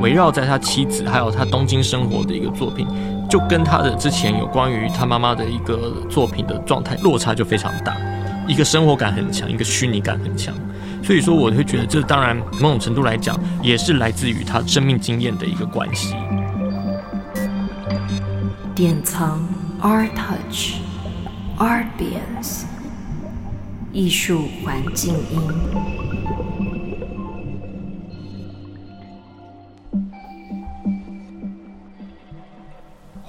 圍繞在他妻子，還有他東京生活的一個作品，就跟他的之前有關於他媽媽的一個作品的狀態落差就非常大，一個生活感很強，一個虛擬感很強，所以說我會覺得這當然某種程度來講也是來自於他生命經驗的一個關係。典藏 Artouch Art Beams 藝術環境音。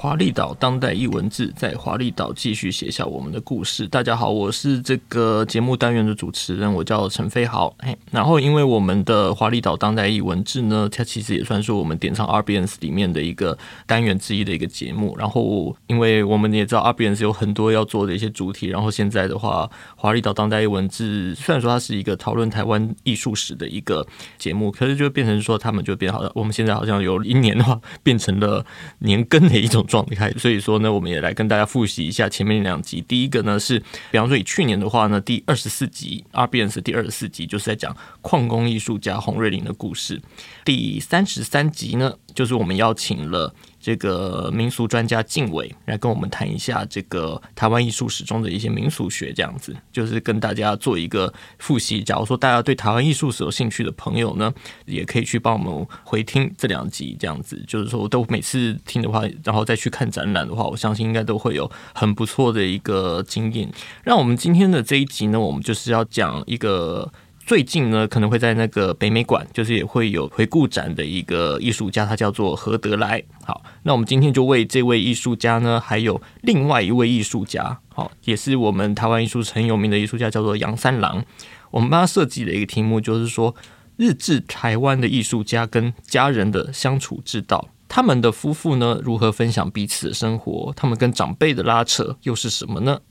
華麗島當代藝文誌，在華麗島繼續寫下我們的故事。大家好，我是這個節目單元的主持人，我叫陳飛豪。哎，然後因為我們的華麗島當代藝文誌呢，它其實也算是我們點唱 RBS 裡面的一個單元之一的一個節目。然後因為我們也知道 RBS 有很多要做的一些主題，然後現在的話，華麗島當代藝文誌雖然說它是一個討論台灣藝術史的一個節目，可是就變成說他們就變好了。我們現在好像有一年的話，變成了年更的一種主題。狀態，所以說呢，我們也來跟大家複習一下前面兩集。第一個呢是，比方說以去年的話呢，第二十四集《r b n 是第二十四集就是在講礦工藝術家洪瑞麟的故事。第三十三集呢，就是我們邀請了。這個民俗專家敬偉來跟我們談一下這個台灣藝術史中的一些民俗學，這樣子就是跟大家做一個複習。假如說大家對台灣藝術史有興趣的朋友呢，也可以去幫我們回聽這兩集，這樣子就是說我都每次聽的話，然後再去看展覽的話，我相信應該都會有很不錯的一個經驗。那我們今天的這一集呢，我們就是要講一個。最近呢，可能會在那個北美館，就是也會有回顧展的一個藝術家，他叫做何德來。好，那我們今天就為這位藝術家呢，還有另外一位藝術家，好，也是我們台灣藝術很有名的藝術家，叫做楊三郎。我們幫他設計的一個題目，就是說日治台灣的藝術家跟家人的相處之道，他們的夫婦呢如何分享彼此的生活，他們跟長輩的拉扯又是什麼呢？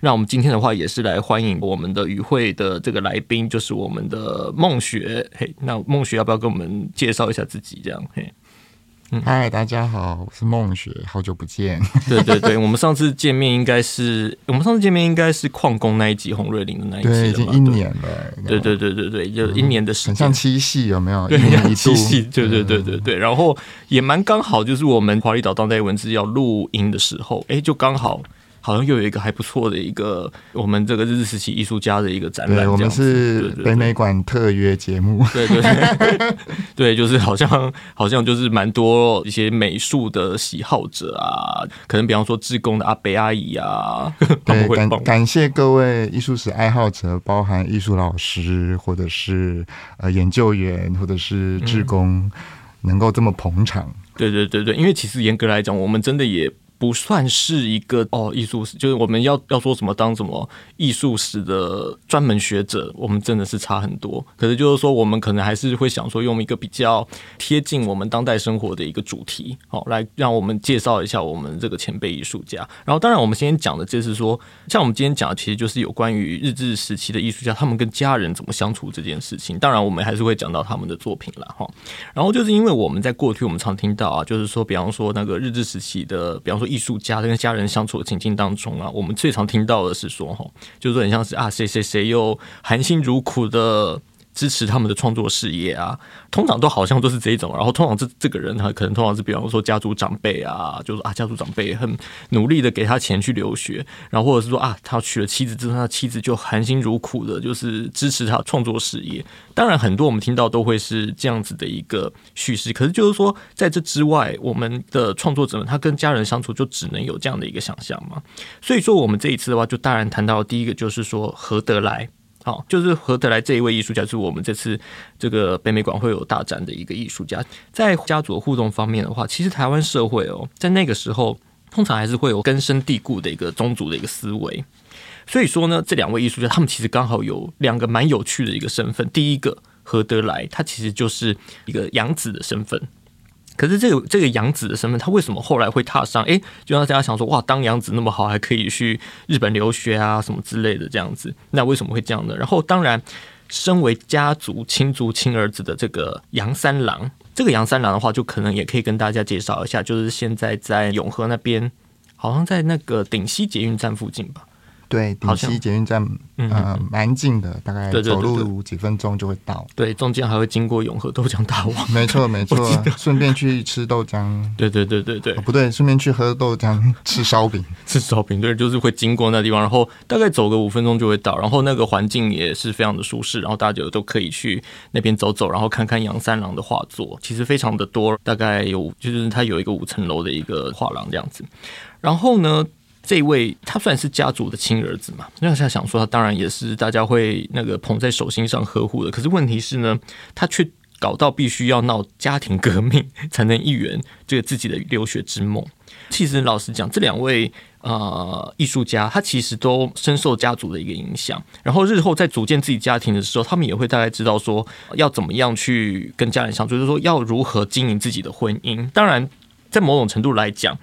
那我們今天的話也是來歡迎我們的與會的這個來賓，就是我們的孟學。嘿，那孟學要不要跟我們介紹一下自己？這樣，嘿，嗨、嗯，Hi, 大家好，我是孟學，好久不見。 對對對，我們上次見面應該是我們上次見面應該是礦工那一集，洪瑞麟的那一集對，已經一年了。對對對對對，就一年的時間。嗯、像七夕有沒有？對，一一七夕。對對對對對，嗯、然後也蠻剛好，就是我們華麗島當代藝文誌要錄音的時候，哎，就剛好。好像又有一個還不錯的一個我們這個日治時期藝術家的一個展覽，我們是北美館特約節目。對對對， 對，就是好像好像就是蠻多一些美術的喜好者啊，可能比方說志工的阿北阿姨啊，對，會感感謝各位藝術史愛好者，包含藝術老師或者是呃研究員或者是志工，嗯、能夠這麼捧場。對對對對，因為其實嚴格來講，我們真的也。不算是一個哦，藝術史就是我們要要說什麼當什麼藝術史的專門學者，我們真的是差很多。可是就是說，我們可能還是會想說，用一個比較貼近我們當代生活的一個主題，好、哦、來讓我們介紹一下我們這個前輩藝術家。然後，當然我們今天講的，就是說，像我們今天講的，其實就是有關於日治時期的藝術家他們跟家人怎麼相處這件事情。當然，我們還是會講到他們的作品了哈、哦。然後就是因為我們在過去我們常聽到啊，就是說，比方說那個日治時期的，比方說。藝術家跟家人相處的情境當中啊，我們最常聽到的是說，哈，就是很像是啊，誰誰誰又含辛茹苦的。支持他們的創作事業啊，通常都好像都是這種，然後通常這這個人他可能通常是比方說家族長輩啊，就是啊家族長輩很努力的給他錢去留學，然後或者是說啊他娶了妻子之後，他妻子就含辛茹苦的，就是支持他創作事業。當然很多我們聽到都會是這樣子的一個敘事，可是就是說在這之外，我們的創作者們他跟家人相處就只能有這樣的一個想象嘛。所以說我們這一次的話，就當然談到第一個就是說何德來。好，就是何德來這一位藝術家，是我們這次這個北美館會有大展的一個藝術家。在家族的互動方面的話，其實台灣社會哦、喔，在那個時候，通常還是會有根深蒂固的一個宗族的一個思維。所以說呢，這兩位藝術家，他們其實剛好有兩個蠻有趣的一個身份。第一個何德來，他其實就是一個養子的身份。可是這個這個養子的身份，他為什麼後來會踏上？誒、欸，就讓大家想說，哇，當養子那麼好，還可以去日本留學啊，什麼之類的這樣子，那為什麼會這樣呢？然後，當然，身為家族親族親兒子的這個楊三郎，這個楊三郎的話，就可能也可以跟大家介紹一下，就是現在在永和那邊，好像在那個頂溪捷運站附近吧。對，頂溪捷運站，嗯，嗯，嗯，蠻、呃、近的，大概走路幾分鐘就會到。對，對，對，對，對，中間還會經過永和豆漿大王，沒錯沒錯，順便去吃豆漿。對，對對對對對，哦、不對，順便去喝豆漿、吃燒餅、吃燒餅，對，就是會經過那地方，然後大概走個五分鐘就會到，然後那個環境也是非常的舒適，然後大家都可以去那邊走走，然後看看楊三郎的畫作，其實非常的多，大概有就是他有一個五層樓的一個畫廊這樣子，然後呢。這一位他雖然是家族的親兒子嘛，那我想說他當然也是大家會那個捧在手心上呵護的。可是問題是呢，他卻搞到必須要鬧家庭革命才能一圓這個自己的留學之夢。其實老實講，這兩位啊藝術家，他其實都深受家族的一個影響。然後日後在組建自己家庭的時候，他們也會大概知道說要怎麼樣去跟家人相處，就是說要如何經營自己的婚姻。當然，在某種程度來講。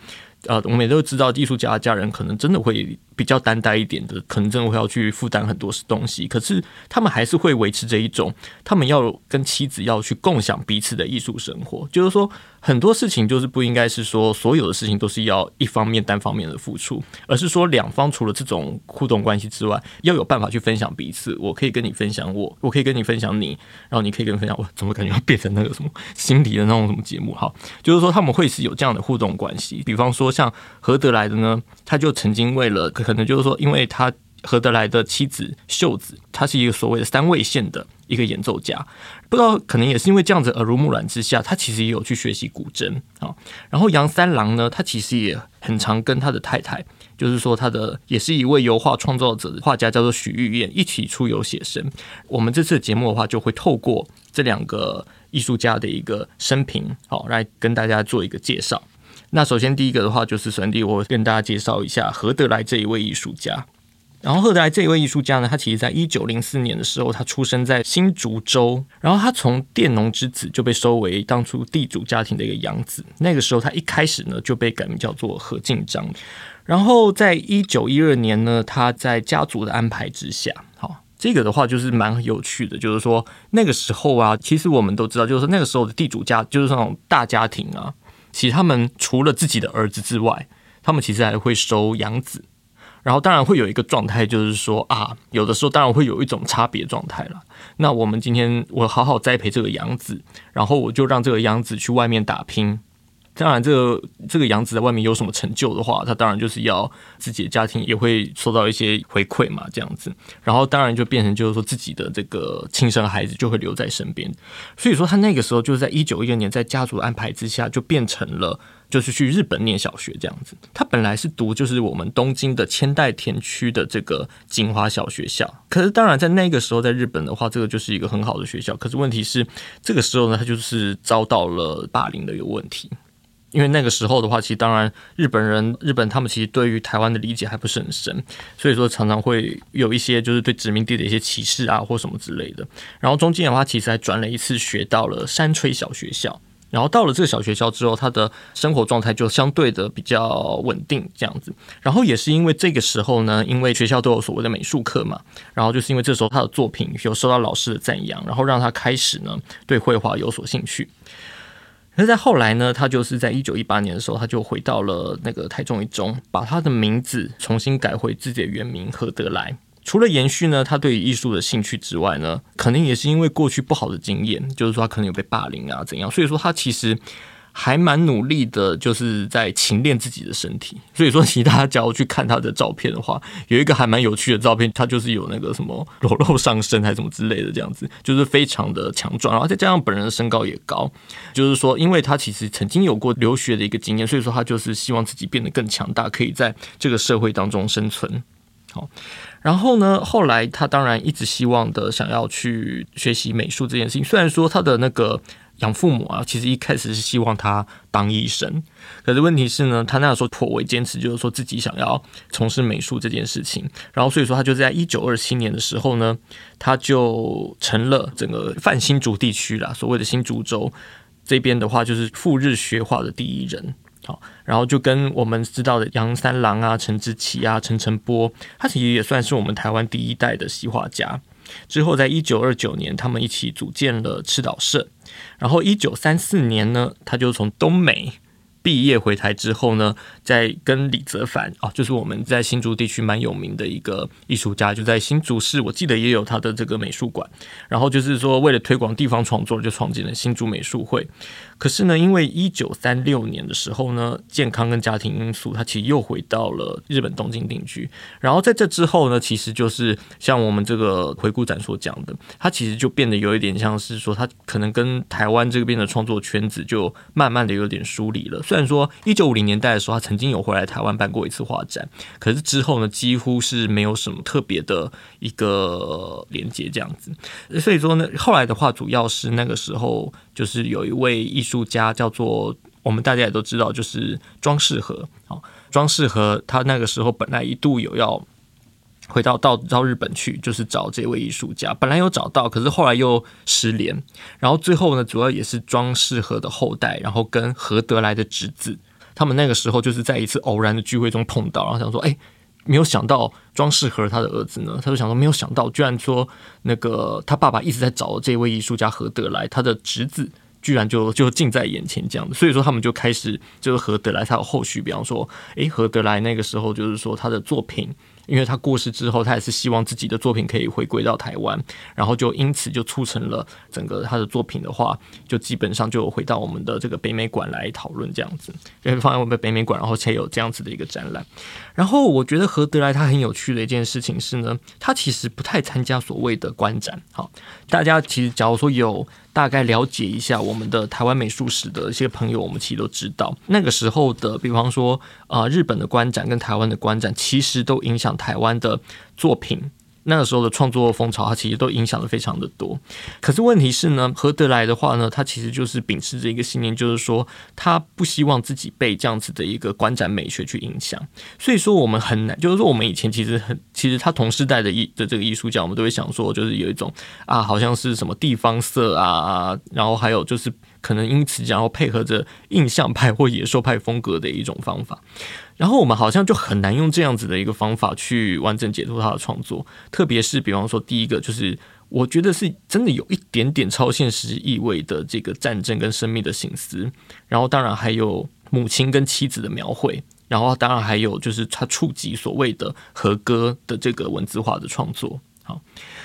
呃，我們也都知道藝術家的家人可能真的會比較擔待一點的，可能真的會要去負擔很多東西，可是他們還是會維持這一種，他們要跟妻子要去共享彼此的藝術生活，就是說。很多事情就是不應該是說所有的事情都是要一方面單方面的付出，而是說兩方除了這種互動關係之外，要有辦法去分享彼此。我可以跟你分享我，我可以跟你分享你，然後你可以跟你分享我。怎麼感覺要變成那個什麼心理的那種什麼節目？哈，就是說他們會是有這樣的互動關係。比方說像何德來的呢，他就曾經為了可能就是說，因為他何德來的妻子秀子，他是一個所謂的三味線的一個演奏家。不知道，可能也是因為這樣子耳濡目染之下，他其實也有去學習古箏。然後楊三郎呢，他其實也很常跟他的太太，就是說他的也是一位油畫創造者的畫家，叫做許玉燕，一起出遊寫生。我們這次節目的話，就會透過這兩個藝術家的一個生平，好來跟大家做一個介紹。那首先第一個的話，就是神帝，我跟大家介紹一下何德來這一位藝術家。然後何德來這一位藝術家呢，他其實在一九零四年的時候，他出生在新竹州。然後他從佃農之子就被收為當初地主家庭的一個養子。那個時候他一開始呢就被改名叫做何進章。然後在一九一二年呢，他在家族的安排之下，好，這個的話就是蠻有趣的，就是說那個時候啊，其實我們都知道，就是那個時候的地主家就是那種大家庭啊，其實他們除了自己的兒子之外，他們其實還會收養子。然後當然會有一個狀態，就是說啊，有的時候當然會有一種差別狀態了。那我們今天我好好栽培這個養子，然後我就讓這個養子去外面打拼。當然、這個，這個這個養子，在外面有什麼成就的話，他當然就是要自己的家庭也會受到一些回饋嘛，這樣子。然後當然就變成就是說自己的這個親生孩子就會留在身邊。所以說他那個時候就是在一九一二年，在家族安排之下，就變成了就是去日本念小學這樣子。他本來是讀就是我們東京的千代田區的這個錦華小學校，可是當然在那個時候在日本的話，這個就是一個很好的學校。可是問題是，這個時候呢，他就是遭到了霸凌的一個問題。因為那個時候的話，其實當然日本人日本他們其實對於台灣的理解還不是很深，所以說常常會有一些就是對殖民地的一些歧視啊或什麼之類的。然後中間的話，其實還轉了一次學到了山吹小學校。然後到了這個小學校之後，他的生活狀態就相對的比較穩定這樣子。然後也是因為這個時候呢，因為學校都有所謂的美術課嘛，然後就是因為這時候他的作品有受到老師的讚揚，然後讓他開始呢對繪畫有所興趣。那在後來呢，他就是在一九一八年的時候，他就回到了那個台中一中，把他的名字重新改回自己的原名何德來。除了延續呢他對於藝術的興趣之外呢，可能也是因為過去不好的經驗，就是說他可能有被霸凌啊怎樣，所以說他其實。還蠻努力的，就是在勤練自己的身體。所以說，其實大家假如去看他的照片的話，有一個還蠻有趣的照片，他就是有那個什麼裸露上身還是什麼之類的，這樣子就是非常的強壯。然後再加上本人的身高也高，就是說，因為他其實曾經有過留學的一個經驗，所以說他就是希望自己變得更強大，可以在這個社會當中生存。好，然後呢，後來他當然一直希望的想要去學習美術這件事情。雖然說他的那個。養父母啊，其實一開始是希望他當醫生，可是問題是呢，他那時候頗為堅持，就是說自己想要從事美術這件事情。然後，所以說他就在一九二七年的時候呢，他就成了整個泛新竹地區啦，所謂的新竹州這邊的話，就是赴日學畫的第一人。好，然後就跟我們知道的楊三郎啊、陳植棋啊、陳澄波，他其實也算是我們台灣第一代的西畫家。之後，在一九二九年，他們一起組建了赤島社。然後，一九三四年呢，他就從東北。畢業回台之後呢，在跟李澤藩啊，就是我們在新竹地區蠻有名的一個藝術家，就在新竹市，我記得也有他的這個美術館。然後就是說，為了推廣地方創作，就創建了新竹美術會。可是呢，因為一九三六年的時候呢，健康跟家庭因素，他其實又回到了日本東京定居。然後在這之後呢，其實就是像我們這個回顧展所講的，他其實就變得有一點像是說，他可能跟台灣這邊的創作圈子就慢慢的有點疏離了。但說一九五零年代的時候，他曾經有回來台灣辦過一次畫展，可是之後呢，幾乎是沒有什麼特別的一個連接這樣子。所以說呢，後來的話，主要是那個時候就是有一位藝術家叫做，我們大家也都知道，就是莊世和。好，哦，莊世和他那個時候本來一度有要。回到到到日本去，就是找這位藝術家。本來有找到，可是後來又失聯。然後最後呢，主要也是莊世和的後代，然後跟何德來的侄子，他們那個時候就是在一次偶然的聚會中碰到，然後想說，誒，沒有想到莊世和他的兒子呢，他就想說，沒有想到居然說那個他爸爸一直在找的這位藝術家何德來，他的侄子居然就就近在眼前這樣子。所以說他們就開始，就是何德來他有後續，比方說，誒，何德來那個時候就是說他的作品。因為他過世之後，他也是希望自己的作品可以回歸到台灣，然後就因此就促成了整個他的作品的話，就基本上就回到我們的這個北美館來討論這樣子，就是放在我們的北美館，然後才有這樣子的一個展覽。然後我覺得何德來他很有趣的一件事情是呢，他其實不太參加所謂的觀展，好。大家其實，假如說有大概了解一下我們的台灣美術史的一些朋友，我們其實都知道那個時候的，比方說啊、呃，日本的官展跟台灣的官展，其實都影響台灣的作品。那個時候的創作風潮，它其實都影響得非常的多。可是問題是呢，何德來的話呢，他其實就是秉持着一個信念，就是說他不希望自己被這樣子的一個觀展美學去影響。所以說我們很難，就是說我們以前其實很，其實他同時代的藝的這個藝術家，我們都會想說，就是有一種啊，好像是什麼地方色啊，啊然後還有就是可能因此然後配合着印象派或野獸派風格的一種方法。然後我們好像就很難用這樣子的一個方法去完整解讀他的創作，特別是比方說第一個就是，我覺得是真的有一點點超現實意味的這個戰爭跟生命的省思，然後當然還有母親跟妻子的描繪，然後當然還有就是他觸及所謂的和歌的這個文字化的創作。好，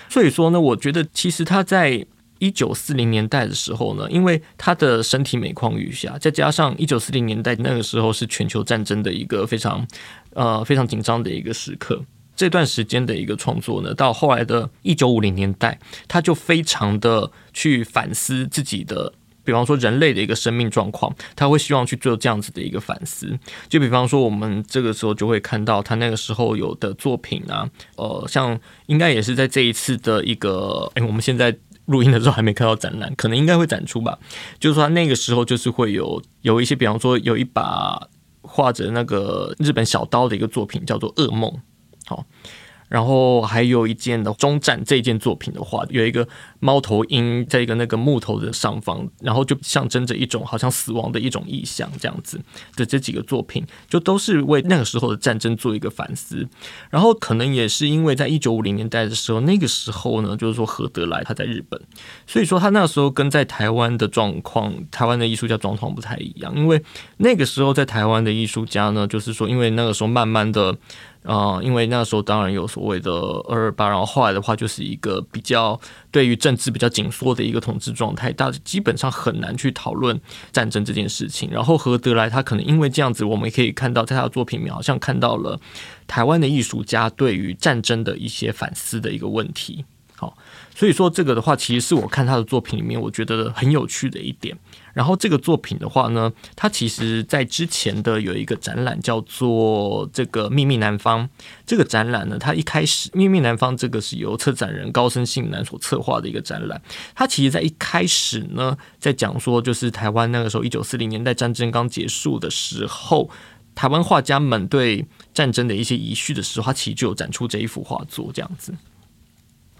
所以說呢，我覺得其實他在。一九四零年代的時候呢，因為他的身體每況愈下，再加上一九四零年代那個時候是全球戰爭的一個非常，呃，非常緊張的一個時刻，這段時間的一個創作呢，到後來的一九五零年代，他就非常的去反思自己的，比方說人類的一個生命狀況，他會希望去做這樣子的一個反思，就比方說我們這個時候就會看到他那個時候有的作品啊，呃，像應該也是在這一次的一個，哎，我們現在。錄音的時候還沒看到展覽，可能應該會展出吧。就是說，那個時候就是會有有一些，比方說，有一把畫着那個日本小刀的一個作品，叫做《噩夢》。好。然後還有一件的終戰這件作品的話，有一個貓頭鷹在一個那個木頭的上方，然後就象徵着一種好像死亡的一種意象這樣子的這幾個作品，就都是為那個時候的戰爭做一個反思。然後可能也是因為在一九五零年代的時候，那個時候呢，就是說何德來他在日本，所以說他那個時候跟在台灣的狀況，台灣的藝術家狀況不太一樣，因為那個時候在台灣的藝術家呢，就是說因為那個時候慢慢的。啊、嗯，因為那時候當然有所謂的二二八，然後後來的話就是一個比較對於政治比較緊縮的一個統治狀態，大家基本上很難去討論戰爭這件事情。然後何德來他可能因為這樣子，我們也可以看到在他的作品裡面，好像看到了台灣的藝術家對於戰爭的一些反思的一個問題。所以說這個的話，其實是我看他的作品裡面，我覺得很有趣的一點。然後這個作品的話呢，它其實，在之前的有一個展覽叫做《這個秘密南方》。這個展覽呢，它一開始《秘密南方》這個是由策展人高森信男所策劃的一個展覽。他其實在一開始呢，在講說就是台灣那個時候一九四零年代戰爭剛結束的時候，台灣畫家們對戰爭的一些遺緒的時候，他其實就有展出這一幅畫作這樣子。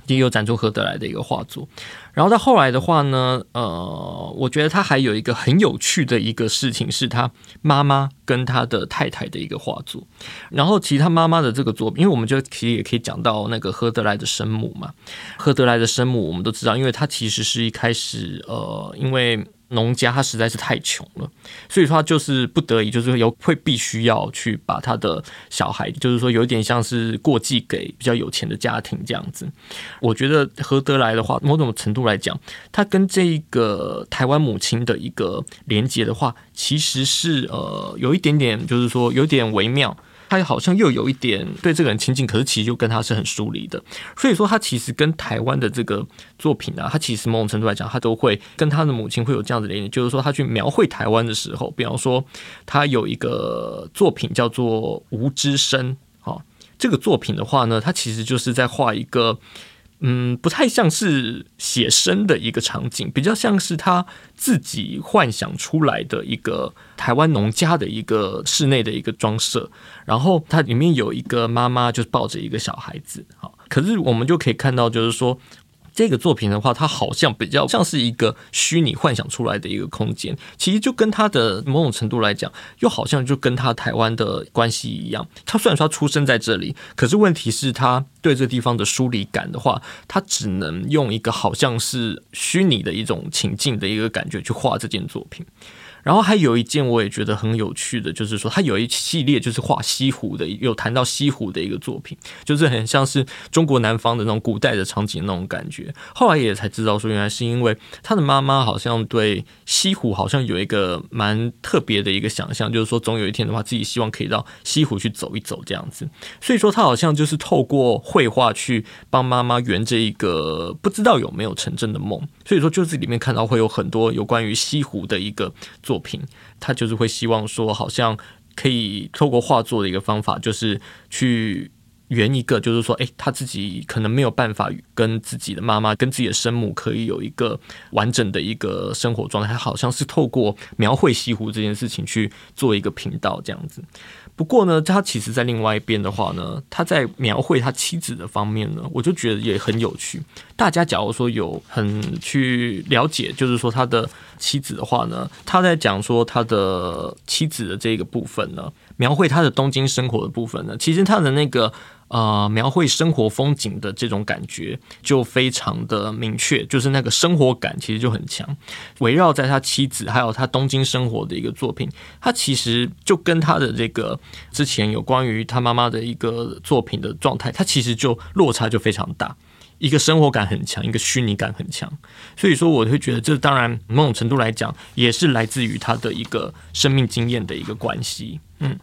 也有展出何德來的一個畫作，然後在後來的話呢，呃，我覺得他還有一個很有趣的一個事情，是他媽媽跟他的太太的一個畫作。然後其實他媽媽的這個作品，因為我們就其實也可以講到那個何德來的生母嘛。何德來的生母，我們都知道，因為他其實是一開始，呃，因為。農家他實在是太窮了，所以說他就是不得已，就是有會必須要去把他的小孩，就是說有點像是過繼給比較有錢的家庭這樣子。我覺得何德來的話，某種程度來講，他跟這一個台灣母親的一個連接的話，其實是呃有一點點，就是說有點微妙。他好像又有一點對這個人親近，可是其實就跟他是很疏離的。所以說，他其實跟台灣的這個作品啊，他其實某種程度來講，他都會跟他的母親會有這樣的聯繫。就是說，他去描繪台灣的時候，比方說，他有一個作品叫做《吾之生》啊，這個作品的話呢，他其實就是在畫一個。嗯，不太像是寫生的一個場景，比較像是他自己幻想出來的一個台灣農家的一個室內的一個裝設。然後它裡面有一個媽媽，就抱着一個小孩子。好，可是我們就可以看到，就是說。這個作品的話，它好像比較像是一個虛擬幻想出來的一個空間。其實就跟他的某種程度來講，又好像就跟他台灣的關係一樣。他雖然說他出生在這裡，可是問題是，他對這地方的疏離感的話，他只能用一個好像是虛擬的一種情境的一個感覺去畫這件作品。然後還有一件我也覺得很有趣的，就是說他有一系列就是畫西湖的，有談到西湖的一個作品，就是很像是中國南方的那種古代的場景那種感覺。後來也才知道說，原來是因為他的媽媽好像對西湖好像有一個蠻特別的一個想象，就是說總有一天的話，自己希望可以到西湖去走一走這樣子。所以說他好像就是透過繪畫去幫媽媽圓這一個不知道有沒有成真的夢。所以說就是裡面看到會有很多有關於西湖的一個作品。作品，他就是會希望說，好像可以透過畫作的一個方法，就是去圓一個，就是說，誒，他自己可能沒有辦法跟自己的媽媽、跟自己的生母，可以有一個完整的一個生活狀態，好像是透過描繪西湖這件事情去做一個憑弔這樣子。不過呢，他其實，在另外一邊的話呢，他在描繪他妻子的方面呢，我就覺得也很有趣。大家假如說有很去了解，就是說他的妻子的話呢，他在講說他的妻子的這個部分呢，描繪他的東京生活的部分呢，其實他的那個。啊、呃，描繪生活風景的這種感覺就非常的明確，就是那個生活感其實就很強。圍繞在他妻子還有他東京生活的一個作品，他其實就跟他的這個之前有關於他媽媽的一個作品的狀態，他其實就落差就非常大。一個生活感很強，一個虛擬感很強。所以說，我會覺得這當然某種程度來講，也是來自於他的一個生命經驗的一個關係，嗯。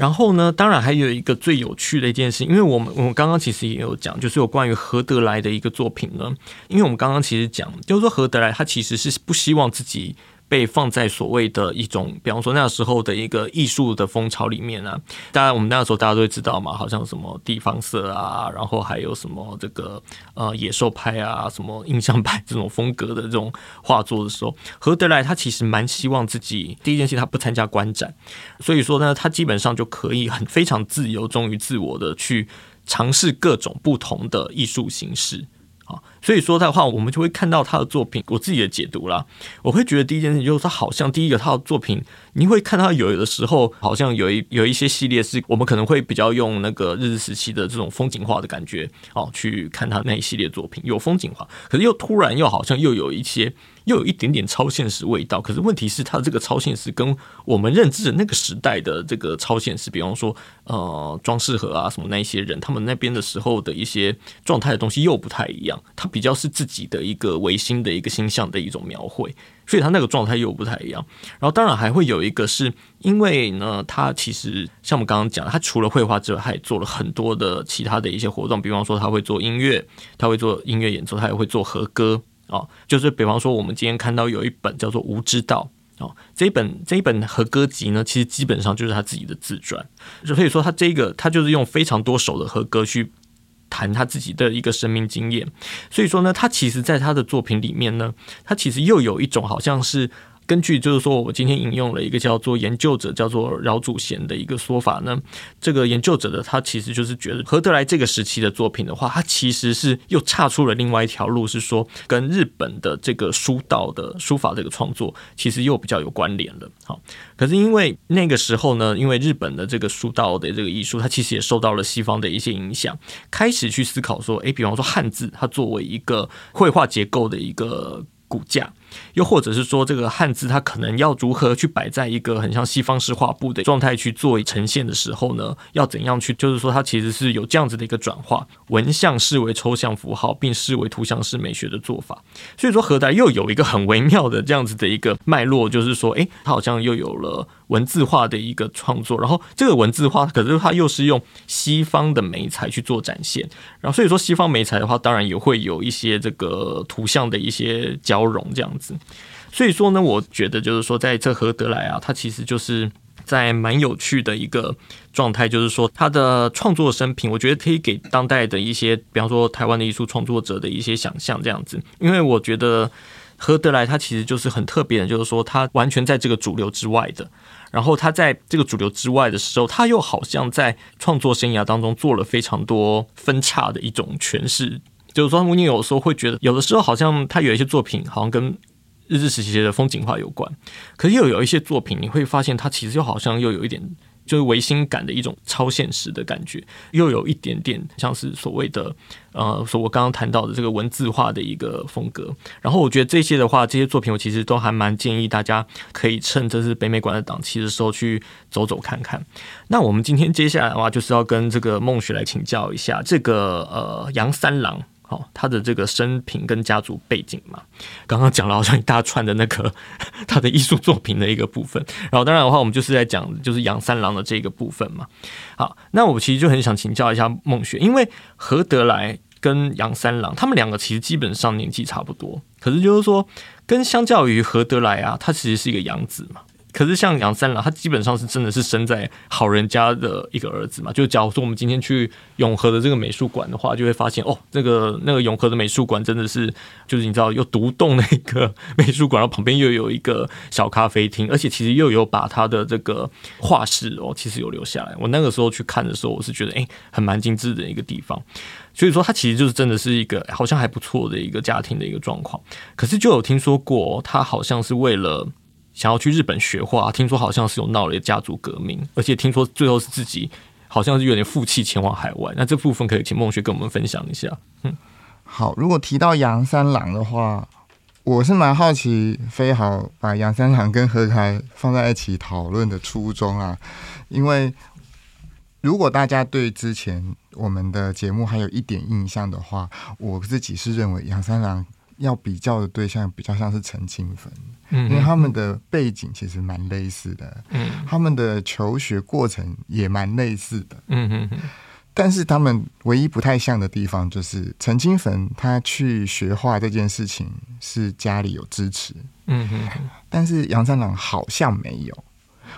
然後呢，當然還有一個最有趣的一件事，因為我們我們剛剛其實也有講，就是有關於何德來的一個作品呢。因為我們剛剛其實講，就是說何德來他其實是不希望自己。被放在所謂的一種，比方說那個時候的一個藝術的風潮裡面呢、啊。當然我們那個時候大家都會知道嘛，好像什麼地方色啊，然後還有什麼這個呃野獸派啊，什麼印象派這種風格的這種畫作的時候，何德來他其實蠻希望自己第一件事他不參加觀展，所以說呢，他基本上就可以很非常自由、忠於自我的去嘗試各種不同的藝術形式。所以說的話，我們就會看到他的作品，我自己的解讀啦，我會覺得第一件事就是，他好像第一個他的作品，你會看到有的時候，好像有一有一些系列是，我們可能會比較用那個日治時期的這種風景畫的感覺，哦，去看他那一系列作品，有風景畫，可是又突然又好像又有一些。又有一點點超現實味道，可是問題是他這個超現實跟我們認知的那個時代的這個超現實，比方說呃裝飾盒啊什麼那一些人，他們那邊的時候的一些狀態的東西又不太一樣，他比較是自己的一個唯心的一個形象的一種描繪，所以他那個狀態又不太一樣。然後當然還會有一個是因為呢，他其實像我們剛剛講的，他除了繪畫之外，還做了很多的其他的一些活動，比方說他會做音樂，他會做音樂演奏，他也會做和歌。哦，就是比方說，我們今天看到有一本叫做《無知道》哦，這一本這一本和歌集呢，其實基本上就是他自己的自傳，所以說他這個他就是用非常多首的和歌去談他自己的一個生命經驗，所以說呢，他其實在他的作品裡面呢，他其實又有一種好像是。根據就是說，我今天引用了一個叫做研究者，叫做饒祖賢的一個說法呢。這個研究者的他其實就是覺得，何德來這個時期的作品的話，他其實是又岔出了另外一條路，是說跟日本的這個書道的書法這個創作其實又比較有關聯了。好，可是因為那個時候呢，因為日本的這個書道的這個藝術，它其實也受到了西方的一些影響，開始去思考說，誒、欸，比方說漢字，它作為一個繪畫結構的一個骨架。又或者是說，這個漢字它可能要如何去擺在一個很像西方式畫布的狀態去做呈現的時候呢？要怎樣去？就是說，它其實是有這樣子的一個轉化，文象視為抽象符號，並視為圖像式美學的做法。所以說，何德來又有一個很微妙的這樣子的一個脈絡，就是說，誒，它好像又有了文字化的一個創作。然後，這個文字化，可是它又是用西方的媒材去做展現。然後，所以說，西方媒材的話，當然也會有一些這個圖像的一些交融，這樣。所以說呢，我覺得就是說，在這何德來啊，他其實就是在蠻有趣的一個狀態，就是說他的創作生平，我覺得可以給當代的一些，比方說台灣的藝術創作者的一些想象這樣子。因為我覺得何德來他其實就是很特別的，就是說他完全在這個主流之外的，然後他在這個主流之外的時候，他又好像在創作生涯當中做了非常多分叉的一種詮釋，就是說，我你有時候會覺得，有的時候好像他有一些作品，好像跟日治時期的風景畫有關，可是又有一些作品，你會發現它其實又好像又有一點，就是唯心感的一種超現實的感覺，又有一點點像是所謂的呃，說我剛剛談到的這個文字化的一個風格。然後我覺得這些的話，這些作品我其實都還蠻建議大家可以趁這是北美館的檔期的時候去走走看看。那我們今天接下來的話，就是要跟這個孟學來請教一下這個呃楊三郎。好，他的這個生平跟家族背景嘛，剛剛講了好像一大串的那個他的藝術作品的一個部分，然後當然的話，我們就是在講，就是楊三郎的這個部分嘛。好，那我其實就很想請教一下孟學，因為何德來跟楊三郎他們兩個其實基本上年紀差不多，可是就是說跟相較於何德來啊，他其實是一個養子嘛。可是像楊三郎，他基本上是真的是生在好人家的一個兒子嘛。就假如說我們今天去永和的這個美術館的話，就會發現哦，那個那個永和的美術館真的是，就是你知道有獨棟那個美術館，然後旁邊又有一個小咖啡廳，而且其實又有把他的這個畫室哦，其實有留下來。我那個時候去看的時候，我是覺得欸，很蠻精緻的一個地方。所以說，他其實就是真的是一個好像還不錯的一個家庭的一個狀況。可是就有聽說過，他好像是為了。想要去日本學畫，聽說好像是有鬧了一家族革命，而且聽說最後是自己好像是有點負氣前往海外。那這部分可以請孟學跟我們分享一下。嗯，好。如果提到楊三郎的話，我是蠻好奇飛豪把楊三郎跟何德來放在一起討論的初衷啊，因為如果大家對之前我們的節目還有一點印象的話，我自己是認為楊三郎。要比較的對象比較像是陳清汾，嗯、哼因為他們的背景其實蠻類似的，嗯、哼他們的求學過程也蠻類似的。嗯哼但是他們唯一不太像的地方就是陳清汾。他去學畫這件事情是家裡有支持，嗯哼，但是楊三郎好像沒有。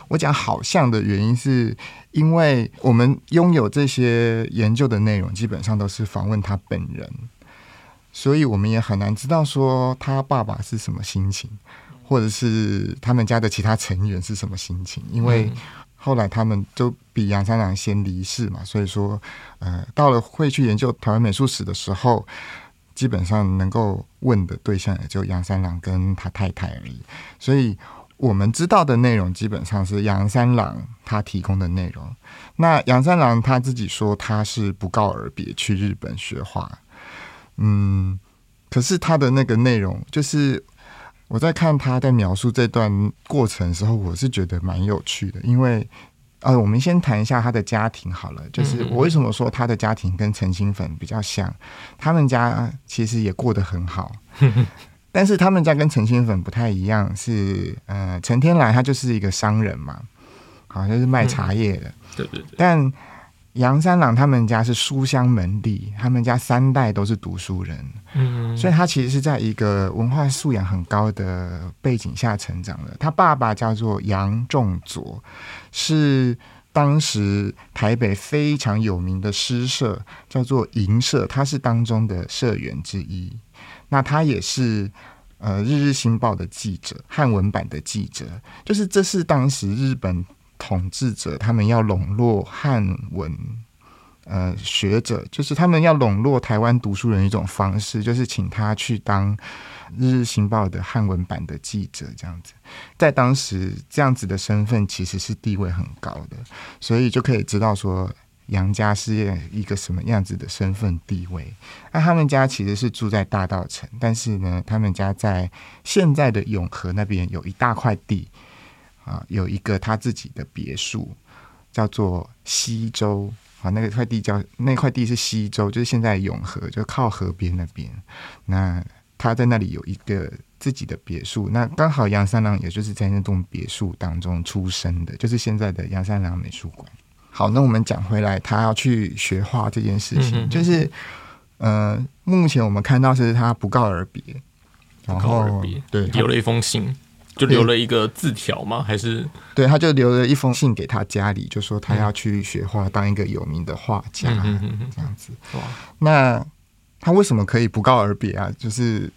我講好像的原因是因為我們擁有這些研究的內容，基本上都是訪問他本人。所以我們也很難知道說他爸爸是什麼心情，或者是他們家的其他成員是什麼心情，因為後來他們都比楊三郎先離世嘛。所以說，呃，到了會去研究台灣美術史的時候，基本上能夠問的對象也就楊三郎跟他太太而已。所以我們知道的內容基本上是楊三郎他提供的內容。那楊三郎他自己說他是不告而別去日本學畫。嗯，可是他的那個內容，就是我在看他在描述這段過程的時候，我是覺得蠻有趣的，因為呃，我們先談一下他的家庭好了。就是我為什麼說他的家庭跟陳清汾比較像？他們家其實也過得很好，但是他們家跟陳清汾不太一樣，是呃，陳天來他就是一個商人嘛，好像是，啊，就是賣茶葉的，嗯，對對對，但。楊三郎他們家是書香門第，他們家三代都是讀書人，嗯，所以他其實是在一個文化素養很高的背景下成長的。他爸爸叫做楊仲佐，是當時台北非常有名的詩社，叫做瀛社，他是當中的社員之一。那他也是呃《日日新報》的記者，漢文版的記者，就是這是當時日本，統治者他們要籠絡漢文，呃，學者就是他們要籠絡台灣讀書人一種方式，就是請他去當日日新報的漢文版的記者，這樣子，在當時這樣子的身份其實是地位很高的，所以就可以知道說楊家是一個什麼樣子的身份地位。那、啊、他們家其實是住在大稻埕，但是呢，他們家在現在的永和那邊有一大塊地。啊，有一個他自己的別墅，叫做溪洲。啊，那個塊地叫那塊地是溪洲，就是現在永和，就靠河邊那邊。那他在那裡有一個自己的別墅，那剛好楊三郎也就是在那棟別墅當中出生的，就是現在的楊三郎美術館。好，那我們講回來，他要去學畫這件事情，嗯嗯嗯就是呃，目前我們看到是他不告而別，不告而別，然後對，留了一封信。就留了一個字條嗎？還是、嗯、對，他就留了一封信給他家裡，就說他要去學畫，嗯、當一個有名的畫家、嗯、哼哼這樣子。哇！那他為什麼可以不告而別啊？就是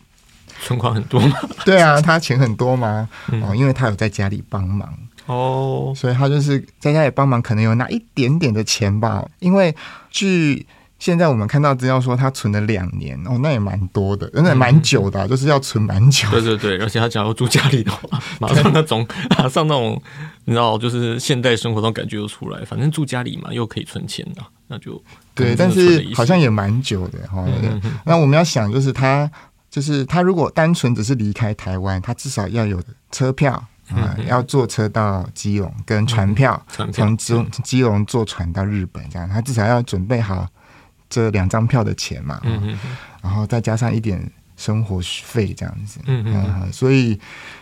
存款很多嗎？ 對啊，他錢很多嗎？嗯、哦，因為他有在家裡幫忙哦，所以他就是在家裡幫忙，可能有那一點點的錢吧。因為據現在我們看到資料說他存了兩年哦，那也蠻多的，那也蠻久的、啊，嗯、就是要存蠻久的。對對對，而且他假如住家裡的話，馬上那種， 馬上那種，馬上那種，你知道，就是現代生活中感覺又出來。反正住家裡嘛，又可以存錢的、啊、那就對。是但是好像也蠻久的哈。哦嗯、那我們要想，就是他，就是他如果單純只是離開台灣，他至少要有車票啊，嗯嗯、要坐車到基隆，跟船票，從、嗯、基隆、嗯、基隆坐船到日本這樣，他至少要準備好。這兩張票的錢嘛，然後再加上一點生活費這樣子，嗯嗯嗯、所以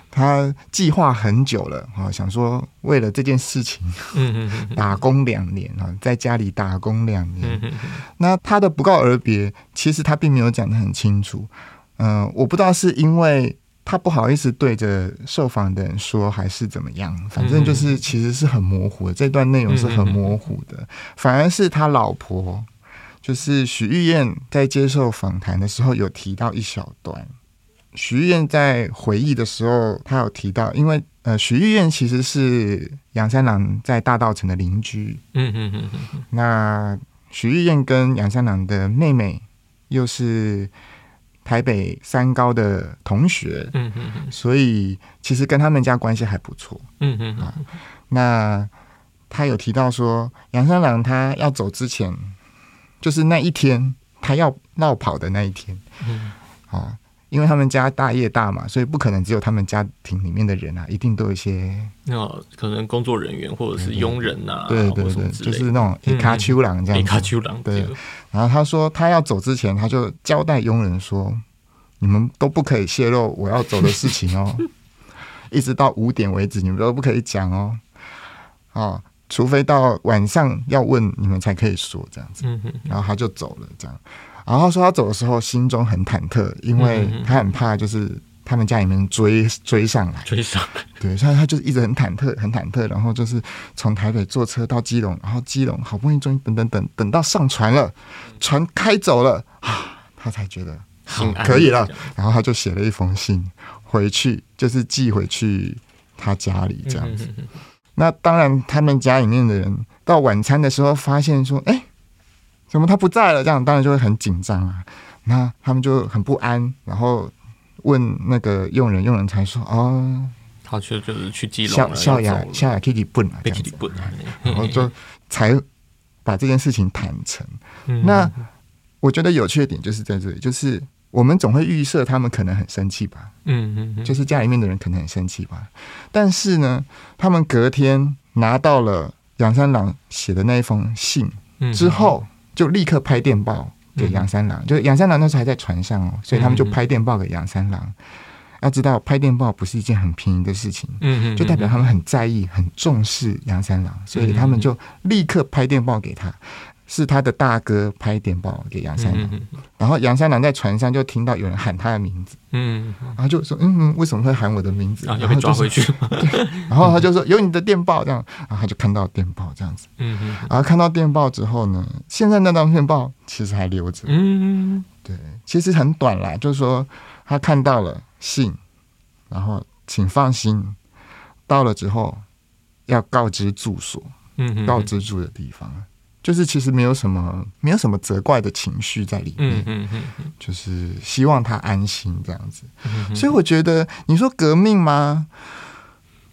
他計劃很久了啊，想說為了這件事情，打工兩年啊，在家裡打工兩年，嗯嗯、那他的不告而別，其實他並沒有講得很清楚，嗯、呃，我不知道是因為他不好意思對着受訪的人說，還是怎麼樣，反正就是其實是很模糊的，這段內容是很模糊的，反而是他老婆。就是許玉燕在接受訪談的時候有提到一小段，許玉燕在回憶的時候，她有提到，因為呃，許玉燕其實是楊三郎在大稻埕的鄰居，嗯嗯嗯嗯，那許玉燕跟楊三郎的妹妹又是台北三高的同學，嗯嗯，所以其實跟他們家關係還不錯，嗯嗯啊，那她有提到說，楊三郎他要走之前。就是那一天，他要落跑的那一天，嗯、啊，因為他們家大業大嘛，所以不可能只有他們家庭裡面的人啊，一定都有一些，那、哦、可能工作人員或者是傭人吶、啊，對，對對對，就是那種一卡車人這樣，一卡車人對，然後他說，他要走之前，他就交代傭人說：“嗯、對你們都不可以洩露我要走的事情哦， 一直到五點為止，你們都不可以講哦，啊。”除非到晚上要問你們才可以說這樣子，然後他就走了這樣。然後說他走的時候心中很忐忑，因為他很怕就是他們家裡面追追上來，追上來。追上。對，所以他就一直很忐忑，很忐忑。然後就是從台北坐車到基隆，然後基隆好不容易終於等等等等到上船了，船開走了啊，他才覺得、嗯、可以了。然後他就寫了一封信回去，就是寄回去他家裡這樣子。那當然，他們家裡面的人到晚餐的時候，發現說：“哎、欸，怎麼他不在了？”這樣當然就會很緊張啊。那他們就很不安，然後問那個傭人，傭人才說：“哦，他去就，就是去基隆了。”少，少爺，少爺去日本了，去日本了然後就才把這件事情坦承。嗯、那我覺得有趣的點就是在這裡，就是。我們總會預設他們可能很生氣吧，嗯嗯，就是家裡面的人可能很生氣吧。但是呢，他們隔天拿到了楊三郎寫的那一封信之後，就立刻拍電報給楊三郎。嗯、哼就是楊三郎那時候還在船上哦，所以他們就拍電報給楊三郎。要、嗯哼啊、知道拍電報不是一件很便宜的事情，嗯嗯，就代表他們很在意、很重視楊三郎，所以他們就立刻拍電報給他。是他的大哥拍電報給楊三郎，嗯嗯嗯、然後楊三郎在船上就聽到有人喊他的名字，嗯，然後就說嗯，嗯，為什麼會喊我的名字？啊，又、就是、被抓回去。對，嗯、然後他就說、嗯、有你的電報這樣，然後他就看到電報這樣子，嗯，嗯然後看到電報之後呢，現在那張電報其實還留着，嗯，對，其實很短啦，就是說他看到了信，然後請放心，到了之後要告知住所，嗯，嗯告知住的地方。就是其實沒有什麼，沒有什麼責怪的情緒在裡面。嗯、哼哼哼就是希望他安心這樣子。嗯、哼哼所以我覺得，你說革命嗎？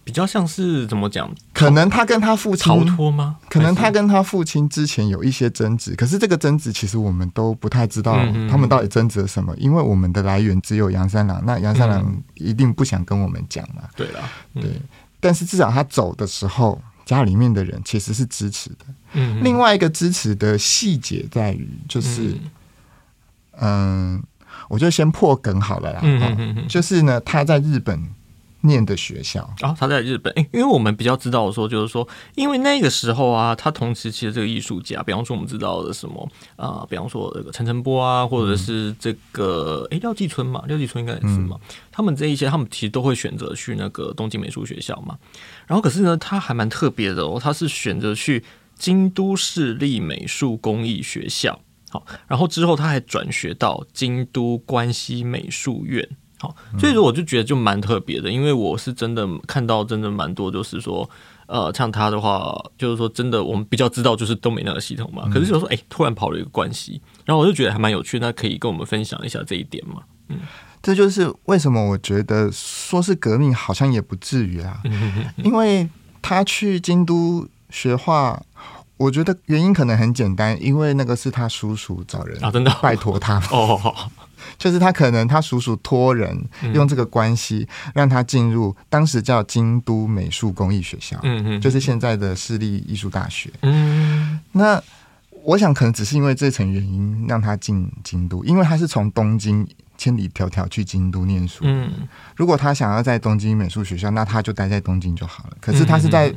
比較像是怎麼講？可能他跟他父親逃脫嗎？可能他跟他父親之前有一些爭執，是可是這個爭執其實我們都不太知道他們到底爭執了什麼，嗯、哼哼因為我們的來源只有楊三郎。那楊三郎一定不想跟我們講嘛？對了、嗯，對。嗯、但是至少他走的時候，家裡面的人其實是支持的。另外一個支持的細節在於，就是，嗯，嗯、呃，我就先破梗好了啦。嗯嗯嗯，嗯，就是呢，他在日本念的學校然後、啊、他在日本、欸，因為我們比較知道說，就是說，因為那個時候啊，他同時期的這個藝術家，比方說，我們知道的什麼啊、呃，比方說陳澄波啊，或者是這個哎、嗯欸、廖繼春嘛，廖繼春應該也是嘛，嗯、他們這一些，他們其實都會選擇去那個東京美術學校嘛。然後，可是呢，他還蠻特別的哦，他是選擇去。京都市立美術工藝學校，好，然後之後他還轉學到京都關西美術院，好，所以說我就覺得就蠻特別的，嗯、因為我是真的看到真的蠻多，就是說，呃，像他的話，就是說真的，我們比較知道就是東美那個系統嘛，嗯、可是就是說哎、欸，突然跑了一個關西，然後我就覺得還蠻有趣，那可以跟我們分享一下這一點嗎？嗯，這就是為什麼我覺得說是革命，好像也不至於啊， 因為他去京都。學畫，我覺得原因可能很簡單，因為那個是他叔叔找人拜托他哦，啊、oh, oh, oh, oh. 就是他可能他叔叔托人用這個關係讓他進入當時叫京都美術工藝學校，嗯嗯，就是現在的市立藝術大學，嗯，那我想可能只是因為這層原因讓他進京都，因為他是從東京千里迢迢去京都念書，如果他想要在東京美術學校，那他就待在東京就好了，可是他是在。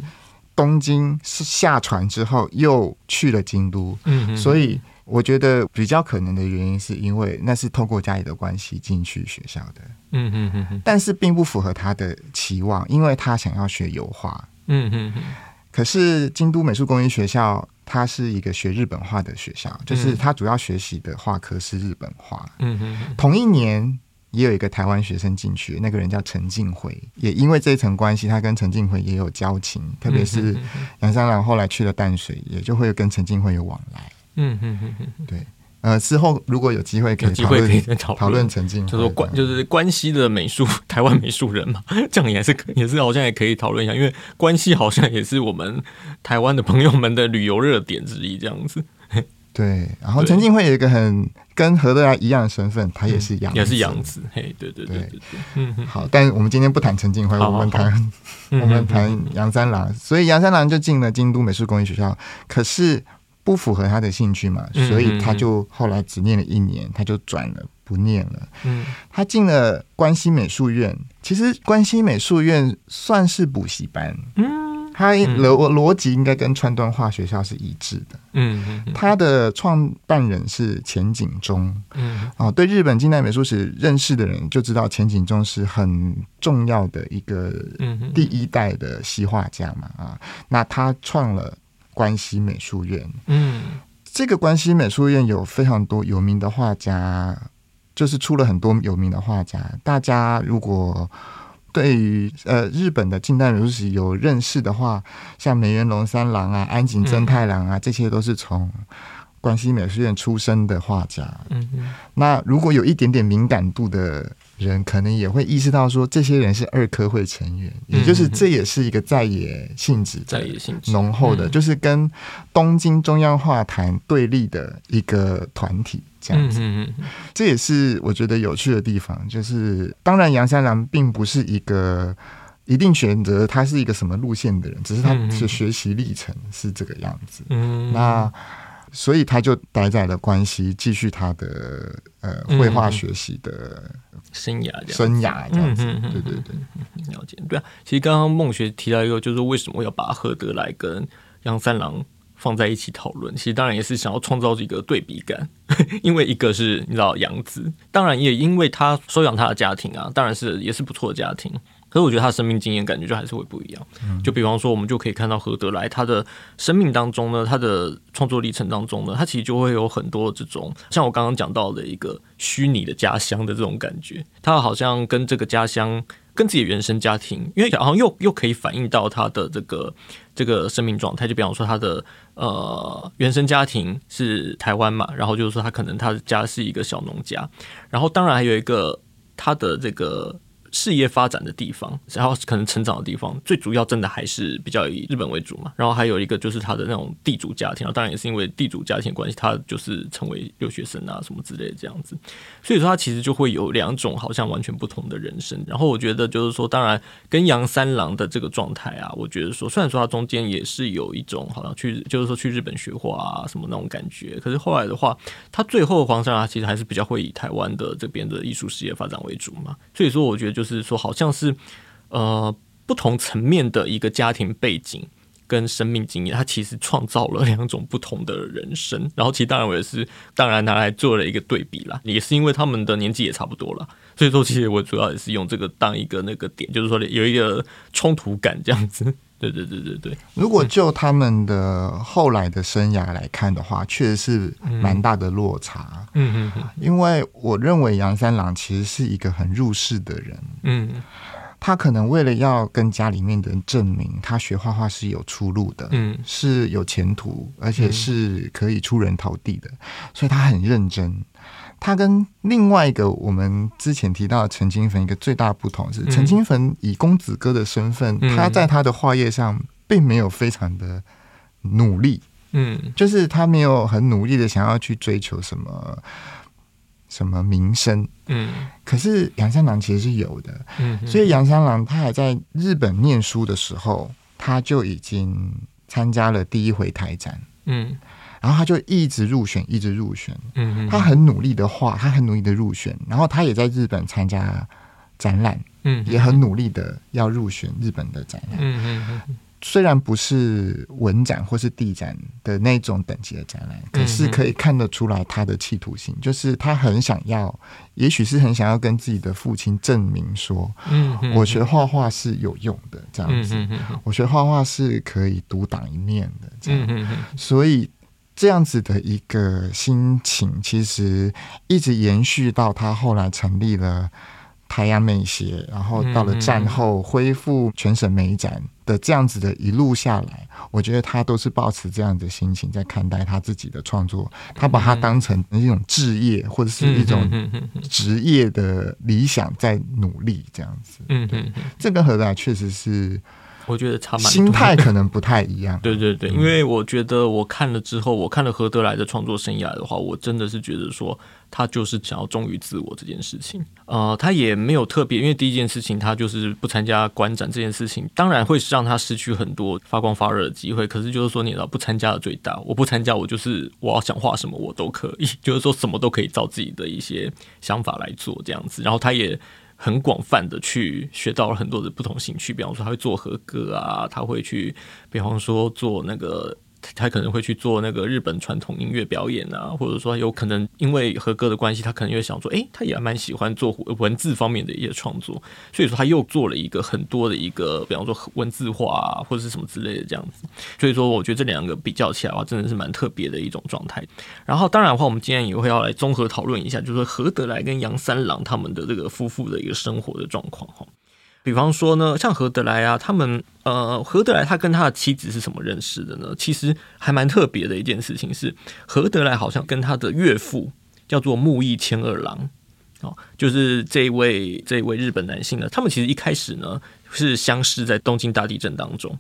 東京是下船之後又去了京都，嗯、哼哼，所以我覺得比較可能的原因是因為那是透過家裡的關係進去學校的，嗯嗯嗯，但是並不符合他的期望，因為他想要學油畫，嗯嗯，可是京都美術工藝學校它是一個學日本畫的學校，就是他主要學習的畫科是日本畫，嗯哼哼，同一年。也有一個台灣學生進去，那個人叫陳敬輝，也因為這層關係，他跟陳敬輝也有交情。嗯哼嗯哼，特別是楊三郎後來去了淡水，也就會跟陳敬輝有往來。嗯哼嗯嗯嗯，對。呃，之後如果有機會可以討論討論陳敬，論就是關對就是關西的美術台灣美術人嘛，這樣也是也是好像也可以討論一下，因為關西好像也是我們台灣的朋友們的旅遊熱點之一，這樣子。 對，然後陳靜惠有一個很跟何德來一樣的身份，對他也是養、嗯，也是養子。嘿，對對對，對，對嗯，好。但是我們今天不談陳靜惠，好好我們談、嗯、 我們談楊三郎。所以楊三郎就進了京都美術工藝學校，可是不符合他的興趣嘛，所以他就後來只念了一年，他就轉了，不念了。嗯，他進了關西美術院，其實關西美術院算是補習班。嗯。他邏邏輯應該跟川端畫學校是一致的，嗯，他的創辦人是淺井忠，嗯，啊，對日本近代美術史認識的人就知道淺井忠是很重要的一個第一代的西畫家嘛，啊，那他創了關西美術院，嗯，這個關西美術院有非常多有名的畫家，就是出了很多有名的畫家，大家如果。對於呃日本的近代美術史有認識的話，像梅原龍三郎啊、安井曾太郎啊，這些都是從關西美術院出身的畫家。嗯哼，那如果有一點點敏感度的。人可能也會意識到說，這些人是二科會成員，嗯、哼也就是這也是一個在野性質、在野性質濃厚的，嗯、就是跟東京中央畫壇對立的一個團體這樣子。嗯、哼這也是我覺得有趣的地方。就是當然，楊三郎並不是一個一定選擇他是一個什麼路線的人，只是他的學習歷程、嗯、哼是這個樣子。嗯、哼那。所以他就待在了關西，繼續他的呃繪畫學習的生涯，嗯，生涯這樣子。對對對，嗯哼哼嗯，了解。對啊，其實剛剛孟學提到一個，就是為什麼要把何德來跟楊三郎放在一起討論？其實當然也是想要創造一個對比感，呵呵因為一個是你知道養子，當然也因為他收養他的家庭啊，當然是也是不錯的家庭。所以我覺得他的生命經驗感覺就還是會不一樣。就比方說，我們就可以看到何德來他的生命當中呢，他的創作歷程當中呢，他其實就會有很多這種，像我剛剛講到的一個虛擬的家鄉的這種感覺。他好像跟這個家鄉、跟自己原生家庭，因為好像又又可以反映到他的這個這個生命狀態。就比方說，他的呃原生家庭是台灣嘛，然後就是說他可能他的家是一個小農家，然後當然還有一個他的這個。事業發展的地方，然後可能成長的地方，最主要真的還是比較以日本為主嘛。然後還有一個就是他的那種地主家庭，然後當然也是因為地主家庭關係，他就是成為留學生啊什麼之類的這樣子。所以說他其實就會有兩種好像完全不同的人生。然後我覺得就是說，當然跟楊三郎的這個狀態啊，我覺得說雖然說他中間也是有一種好像去就是說去日本學畫啊什麼那種感覺，可是後來的話，他最後楊三郎啊其實還是比較會以台灣的這邊的藝術事業發展為主嘛。所以說我覺得就是。就是說，好像是，呃，不同層面的一個家庭背景跟生命經驗，他其實創造了兩種不同的人生。然後，其實當然我也是，當然拿來做了一個對比啦，也是因為他們的年紀也差不多啦，所以說，其實我主要也是用這個當一個那個點，就是說有一個衝突感這樣子。對對對對對，如果就他們的後來的生涯來看的話，確實是蠻大的落差。嗯、嗯、因為我認為楊三郎其實是一個很入世的人。嗯、他可能為了要跟家裡面的人證明他學畫畫是有出路的，嗯、是有前途，而且是可以出人頭地的，所以他很認真。他跟另外一個我們之前提到的陳清汾一個最大不同是，陳、嗯、清汾以公子哥的身份，嗯、他在他的畫業上並沒有非常的努力，嗯，就是他沒有很努力的想要去追求什麼什麼名聲，嗯。可是楊三郎其實是有的，嗯。所以楊三郎他還在日本念書的時候，他就已經參加了第一回台展，嗯。嗯然後他就一直入選，一直入選。嗯，他很努力的畫，他很努力的入選。然後他也在日本參加展覽，嗯，也很努力的要入選日本的展覽。雖然不是文展或是地展的那種等級的展覽，可是可以看得出來他的企圖心，就是他很想要，也許是很想要跟自己的父親證明說，我學畫畫是有用的，這樣子，我學畫畫是可以獨當一面的，這樣。所以。這樣子的一個心情，其實一直延續到他後來成立了台陽美協，然後到了戰後恢復全省美展的這樣子的一路下來，我覺得他都是保持這樣的心情在看待他自己的創作，他把它當成一種職業或者是一種職業的理想在努力這樣子。嗯嗯，對，這個何來確實是。我覺得差蠻多，心態可能不太一樣。 對對對，因為我覺得我看了之後，我看了何德來的創作生涯的話，我真的是覺得說他就是想要忠於自我這件事情。呃，他也沒有特別，因為第一件事情他就是不參加觀展這件事情，當然會讓他失去很多發光發熱的機會。可是就是說，你老不參加的最大，我不參加，我就是我要想畫什麼我都可以，就是說什麼都可以照自己的一些想法來做這樣子。然後他也。很廣泛的去學到了很多的不同興趣，比方說他會做和歌啊，他會去，比方說做那個。他可能會去做那個日本傳統音樂表演啊，或者說有可能因為和歌的關係，他可能會想說，誒、欸，他也蠻喜歡做文字方面的一些創作，所以說他又做了一個很多的一個，比方說文字化啊或者是什麼之類的這樣子。所以說，我覺得這兩個比較起來的話，真的是蠻特別的一種狀態。然後，當然的話，我們今天也會要來綜合討論一下，就是說何德來跟楊三郎他們的這個夫婦的一個生活的狀況哈。比方說呢，像何德來啊，他們呃，何德來他跟他的妻子是怎麼認識的呢？其實還蠻特別的一件事情是，何德來好像跟他的岳父叫做木易千二郎，哦，就是這一位這一位日本男性呢，他們其實一開始呢是相識在東京大地震當中。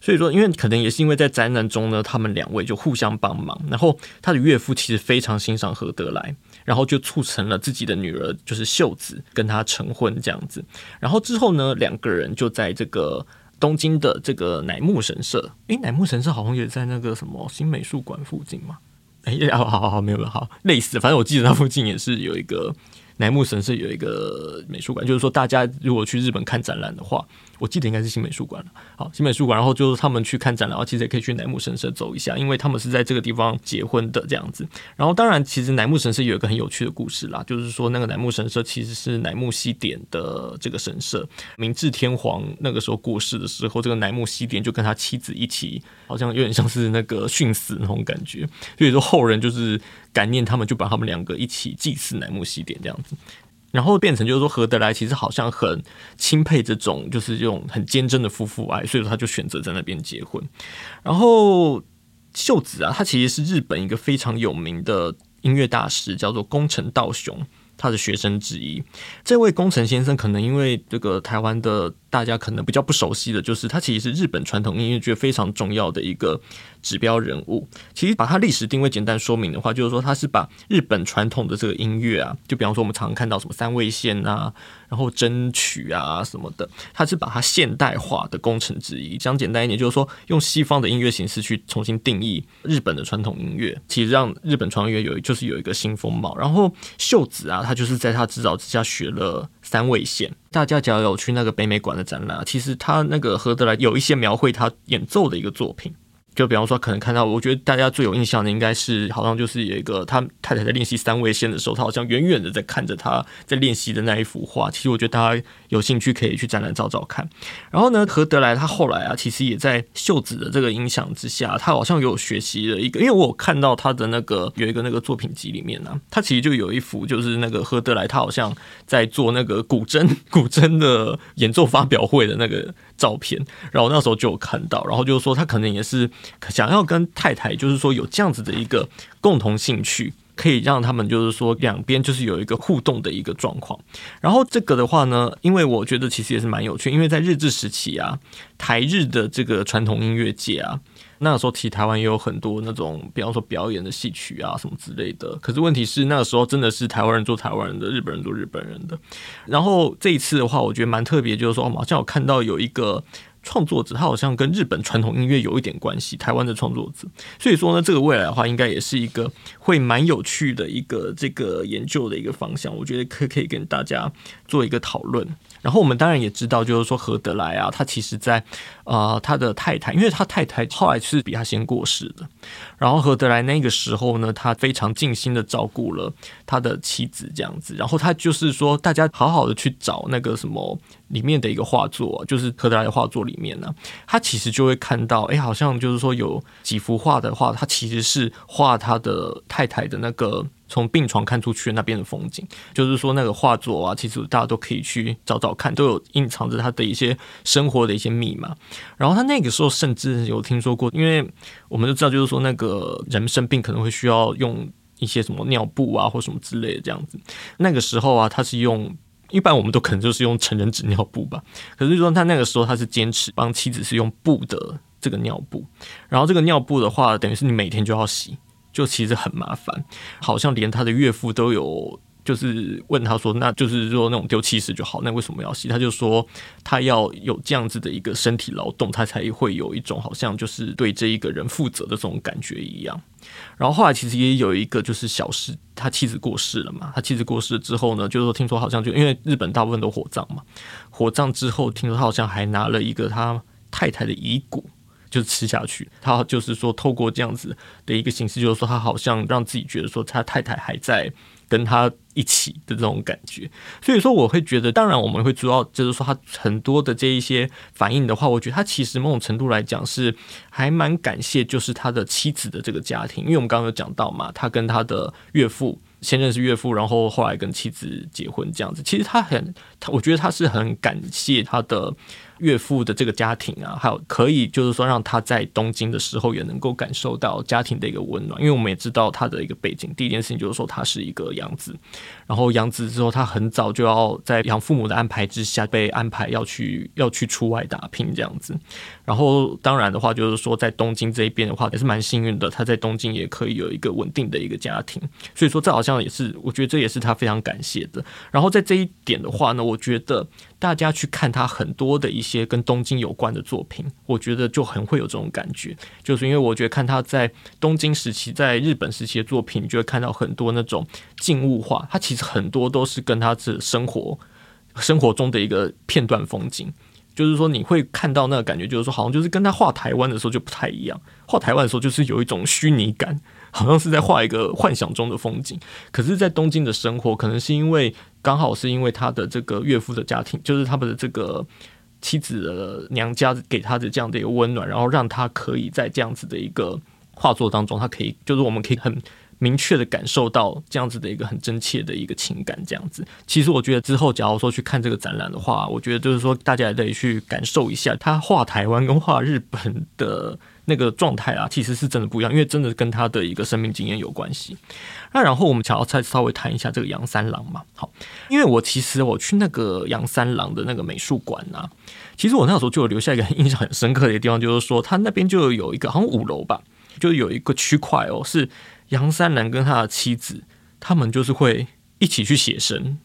所以說，因為可能也是因為在災難中呢，他們兩位就互相幫忙。然後他的岳父其實非常欣賞何德來，然後就促成了自己的女兒就是秀子跟他成婚這樣子。然後之後呢，兩個人就在這個東京的這個乃木神社。誒，乃木神社好像也在那個什麼新美術館附近嗎？哎，好、啊、好好，沒有了，好，類似，反正我記得那附近也是有一個。乃木神社有一個美術館，就是說大家如果去日本看展覽的話，我記得應該是新美術館了。好，新美術館，然後就是他們去看展覽的話，其實也可以去乃木神社走一下，因為他們是在這個地方結婚的這樣子。然後當然，其實乃木神社有一個很有趣的故事啦，就是說那個乃木神社其實是乃木希典的這個神社，明治天皇那個時候過世的時候，這個乃木希典就跟他妻子一起，好像有點像是那個殉死那種感覺，所以說後人就是。，感念他們就把他們兩個一起祭祀乃木希典這樣子，然後變成就是說何德來，其實好像很欽佩這種就是這種很堅貞的夫婦愛，所以說他就選擇在那邊結婚。然後秀子啊，他其實是日本一個非常有名的音樂大師，叫做宮城道雄，他的學生之一。這位宮城先生可能因為這個台灣的。大家可能比較不熟悉的，就是他其實是日本傳統音樂界非常重要的一個指標人物。其實把他歷史定位簡單說明的話，就是說他是把日本傳統的這個音樂啊，就比方說我們常常看到什麼三味線啊，然後箏曲啊什麼的，他是把它現代化的工程之一。講簡單一點，就是說用西方的音樂形式去重新定義日本的傳統音樂，其實讓日本傳統音樂有就是有一個新風貌。然後秀子啊，他就是在他指導之下學了。三味線，大家只要有去那個北美館的展覽，其實他那個何德來有一些描繪他演奏的一個作品。就比方說，可能看到，我覺得大家最有印象的，應該是好像就是有一個他太太在練習三味線的時候，他好像遠遠的在看着他在練習的那一幅畫。其實我覺得大家有興趣可以去展覽照照看。然後呢，何德來他後來啊，其實也在秀子的這個影響之下，他好像有學習了一個，因為我有看到他的那個有一個那個作品集裡面呢、啊，他其實就有一幅就是那個何德來他好像在做那個古箏古箏的演奏發表會的那個照片。然後那時候就有看到，然後就是說他可能也是。想要跟太太，就是說有這樣子的一個共同興趣，可以讓他們就是說，兩邊就是有一個互動的一個狀況。然後這個的話呢，因為我覺得其實也是蠻有趣，因為在日治時期啊，台日的這個傳統音樂界啊，那個時候提台灣也有很多那種，比方說表演的戲曲啊什麼之類的。可是問題是那個時候真的是台灣人做台灣人的，日本人做日本人的。然後這一次的話，我覺得蠻特別，就是說我們好像有看到有一個。創作者，他好像跟日本傳統音樂有一點關係，台灣的創作者。所以說呢，這個未來的話，應該也是一個會蠻有趣的一個這個研究的一個方向，我覺得可可以跟大家做一個討論。然後我們當然也知道，就是說何德來啊，他其實在，啊、呃、他的太太，因為他太太後來是比他先過世的，然後何德來那個時候呢，他非常盡心的照顧了他的妻子，這樣子。然後他就是說，大家好好的去找那個什麼裡面的一個畫作，啊，就是何德來的畫作裡面呢，啊，他其實就會看到，哎、欸，好像就是說有幾幅畫的話，他其實是畫他的太太的那個，從病床看出去的那邊的風景，就是說那個畫作啊，其實大家都可以去找找看，都有隱藏着他的一些生活的一些密碼。然後他那個時候甚至有聽說過，因為我們都知道，就是說那個人生病可能會需要用一些什麼尿布啊，或什麼之類的這樣子。那個時候啊，他是用一般我們都可能就是用成人紙尿布吧。可是就是說他那個時候他是堅持幫妻子是用布的這個尿布，然後這個尿布的話，等於是你每天就要洗，就其實很麻煩，好像連他的岳父都有，就是問他說：“那就是說那種丟棄式就好，那為什麼要洗？”他就說他要有這樣子的一個身體勞動，他才會有一種好像就是對這一個人負責的這種感覺一樣。然後後來其實也有一個就是小事，他妻子過世了嘛。他妻子過世之後呢，就是說聽說好像就因為日本大部分都火葬嘛，火葬之後聽說他好像還拿了一個他太太的遺骨。就吃下去，他就是說，透過這樣子的一個形式，就是說他好像讓自己覺得說他太太還在跟他一起的這種感覺，所以說我會覺得，當然我們會主要就是說他很多的這一些反應的話，我覺得他其實某種程度來講是還蠻感謝，就是他的妻子的這個家庭，因為我們剛剛有講到嘛，他跟他的岳父先認識岳父，然後後來跟妻子結婚這樣子，其實他很，他我覺得他是很感謝他的。岳父的這個家庭啊，還有可以就是說讓他在東京的時候也能夠感受到家庭的一個溫暖，因為我們也知道他的一個背景，第一件事情就是說他是一個養子。然後養子之後，他很早就要在養父母的安排之下被安排要去要去出外打拼這樣子。然後當然的話，就是說在東京這一邊的話，也是蠻幸運的，他在東京也可以有一個穩定的一個家庭。所以說，這好像也是我覺得這也是他非常感謝的。然後在這一點的話呢，我覺得大家去看他很多的一些跟東京有關的作品，我覺得就很會有這種感覺，就是因為我覺得看他在東京時期在日本時期的作品，你就會看到很多那種靜物畫，他其很多都是跟他的生活、生活中的一個片段風景，就是說你會看到那個感覺，就是說好像就是跟他畫台灣的時候就不太一樣，畫台灣的時候就是有一種虛擬感，好像是在畫一個幻想中的風景。可是，在東京的生活，可能是因為剛好是因為他的這個岳父的家庭，就是他們的這個妻子的娘家給他的這樣的一個溫暖，然後讓他可以在這樣子的一個畫作當中，他可以就是我們可以很明確的感受到這樣子的一個很真切的一個情感，這樣子，其實我覺得之後，假如說去看這個展覽的話，我覺得就是說大家得也可以去感受一下他畫台灣跟畫日本的那個狀態啊，其實是真的不一樣，因為真的跟他的一個生命經驗有關係。那然後我們想要再稍微談一下這個楊三郎嘛，好，因為我其實我去那個楊三郎的那個美術館啊，其實我那時候就有留下一個很印象很深刻的一個地方，就是說他那邊就有一個好像五樓吧，就有一個區塊哦是。楊三郎跟他的妻子，他們就是會一起去寫生，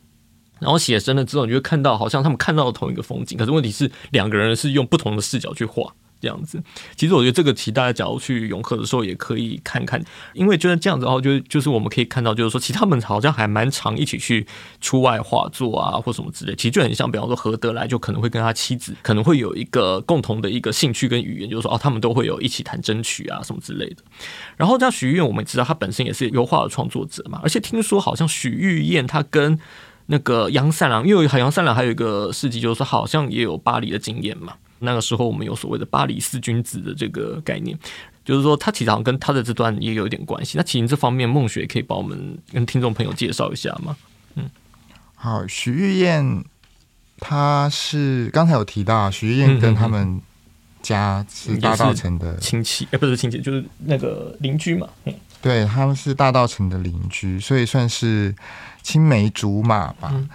然後寫生了之後，你就會看到好像他們看到了同一個風景，可是問題是兩個人是用不同的視角去畫。這樣子，其實我覺得這個題，大家假如去永和的時候也可以看看，因為就是這樣子哦，就就是我們可以看到，就是說其實他們好像還蠻常一起去出外畫作啊，或什麼之類，其實就很像，比方說何德來就可能會跟他妻子可能會有一個共同的一個興趣跟語言，就是說哦，他們都會有一起彈箏曲啊什麼之類的。然後像許玉燕，我們知道他本身也是油畫的創作者嘛，而且聽說好像許玉燕他跟那個楊三郎，因為好像楊三郎還有一個事蹟，就是說好像也有巴黎的經驗嘛。那個時候我們有所謂的“巴黎四君子”的這個概念，就是說他其實好像跟他的這段也有點關係。那其實這方面，孟學可以幫我們跟聽眾朋友介紹一下嗎？嗯，好，許玉燕，他是剛才有提到，許玉燕跟他們家是大稻埕的嗯嗯親戚，哎、欸，不是親戚，就是那個鄰居嘛。嗯，對，他們是大稻埕的鄰居，所以算是青梅竹馬吧。嗯，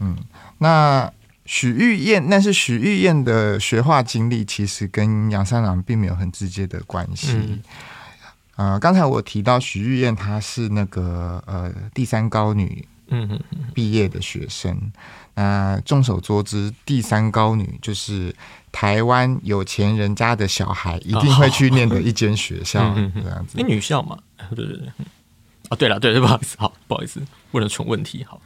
嗯，那。許玉燕，但是許玉燕的學畫經歷其實跟楊三郎並沒有很直接的關係。啊、嗯，剛、呃、才我提到許玉燕，她是那個呃第三高女畢業的學生，那眾所周知，第三高女，就是台灣有錢人家的小孩一定會去念的一間學校，這樣子、欸，女校嘛，對對對。啊，對了，對對，不好意思，好，不好意思，問了蠢問題，好。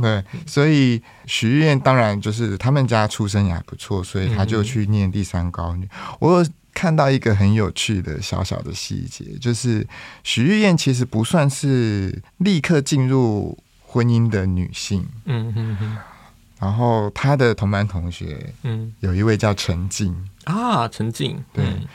對，所以許玉燕當然就是他們家出身也還不錯，所以她就去念第三高女。嗯嗯。我有看到一個很有趣的小小的細節，就是許玉燕其實不算是立刻進入婚姻的女性。嗯哼哼。然後她的同班同學，嗯，有一位叫陳進、嗯、啊，陳進，嗯、對。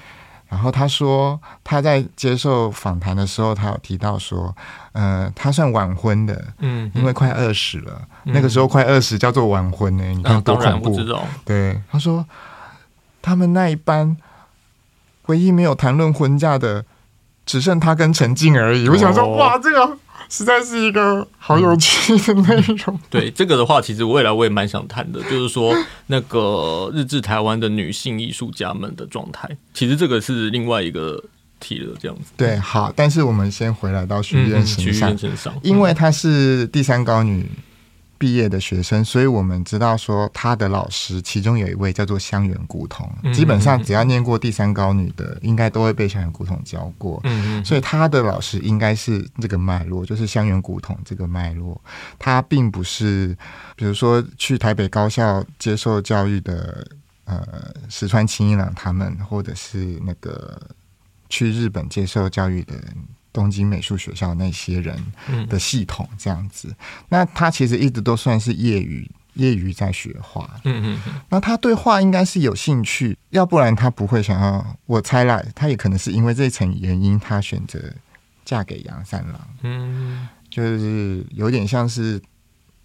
然後他說他在接受訪談的時候，他有提到說，呃，他算晚婚的，嗯，嗯，因為快二十了，嗯、那個時候快二十叫做晚婚呢？欸，嗯，你看多恐怖，啊，當然我知道對，他說他們那一班唯一沒有談論婚嫁的，只剩他跟陳靜而已。我想說，哦，哇，這個。實在是一個好有趣的內容，嗯。對這個的話，其實未來我也蠻想談的，就是說那個日治台灣的女性藝術家們的狀態。其實這個是另外一個題了，這樣子。對，好，但是我們先回來到玉燕身上，嗯、身上因為她是第三高女。嗯畢業的學生，所以我們知道說他的老師，其中有一位叫做鄉原古統。嗯嗯，基本上只要念過第三高女的，應該都會被鄉原古統教過。嗯嗯嗯，所以他的老師應該是這個脈絡，就是鄉原古統這個脈絡。他並不是，比如說去台北高校接受教育的，呃，石川清一郎他們，或者是那個去日本接受教育的東京美術學校那些人的系統這樣子，那他其實一直都算是業餘，業餘在學畫。嗯嗯。那他對畫應該是有興趣，要不然他不會想要。我猜啦，他也可能是因為這層原因，他選擇嫁給楊三郎。嗯嗯哼。就是有點像是，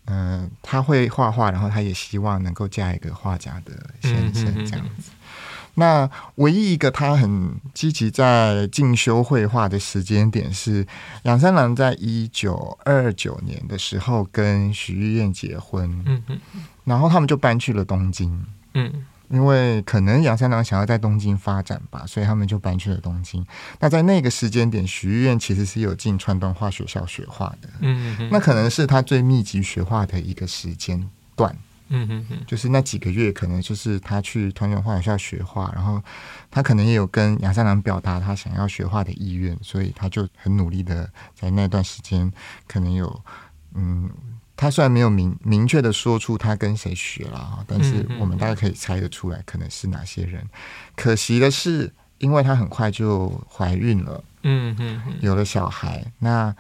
嗯、呃，他會畫畫，然後他也希望能夠嫁一個畫家的先生這樣子。嗯哼哼。那唯一一個他很積極在進修繪畫的時間點是，楊三郎在一九二九年的時候跟許玉燕結婚，嗯、哼然後他們就搬去了東京，嗯、因為可能楊三郎想要在東京發展吧，所以他們就搬去了東京。那在那個時間點，許玉燕其實是有進川端畫學校學畫的，嗯哼，那可能是他最密集學畫的一個時間段。嗯嗯嗯， 就是那幾個月，可能就是他去團圓畫學校學畫，然後他可能也有跟楊三郎表達他想要學畫的意願，所以他就很努力的在那段時間，可能有，嗯，他雖然沒有明明確的說出他跟誰學了啊，但是我們大概可以猜得出來，可能是哪些人。 可惜的是，因為他很快就懷孕了，嗯 有了小孩，那，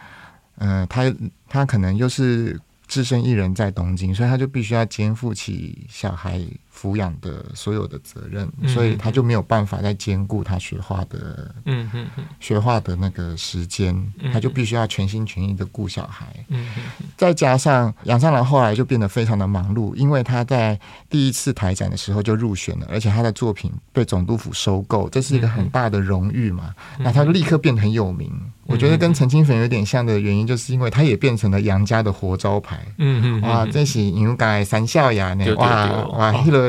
呃、他他可能又是。隻身一人在東京，所以他就必須要肩負起小孩撫養的所有的責任，所以他就沒有辦法再兼顧他學畫的，嗯嗯嗯，學畫的那個時間，他就必須要全心全意的顧小孩。嗯、哼哼，再加上楊三郎後來就變得非常的忙碌，因為他在第一次台展的時候就入選了，而且他的作品被總督府收購，這是一個很大的榮譽嘛，嗯、哼哼，那他就立刻變得很有名。嗯、哼哼，我覺得跟陳清汾有點像的原因，就是因為他也變成了楊家的活招牌。嗯嗯，哇，真是應該三笑呀！呢，哇、哦、哇，那個。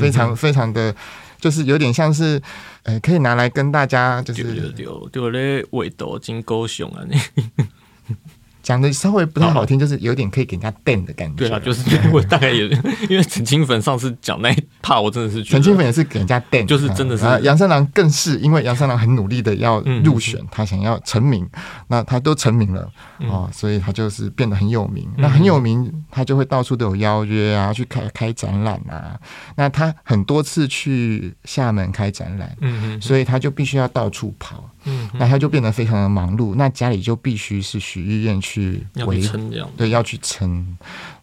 非常非常的，就是有點像是，呃，可以拿來跟大家就是丟丟味道真夠香啊那。 講的稍微不太好聽，好好就是有點可以給人家墊的感覺。對啊，就是因為我大概也對因為陳清粉上次講那一套，我真的是陳 清粉也是給人家墊，就是真的是。楊、啊、三郎更是因為楊三郎很努力的要入選，嗯、他想要成名，那他都成名了、嗯、哦，所以他就是變得很有名。嗯、那很有名，他就會到處都有邀約啊，去開開展覽啊。那他很多次去廈門開展覽，嗯嗯、所以他就必須要到處跑。嗯、那他就變得非常的忙碌，那家裡就必須是許玉燕去維，對，要去撐，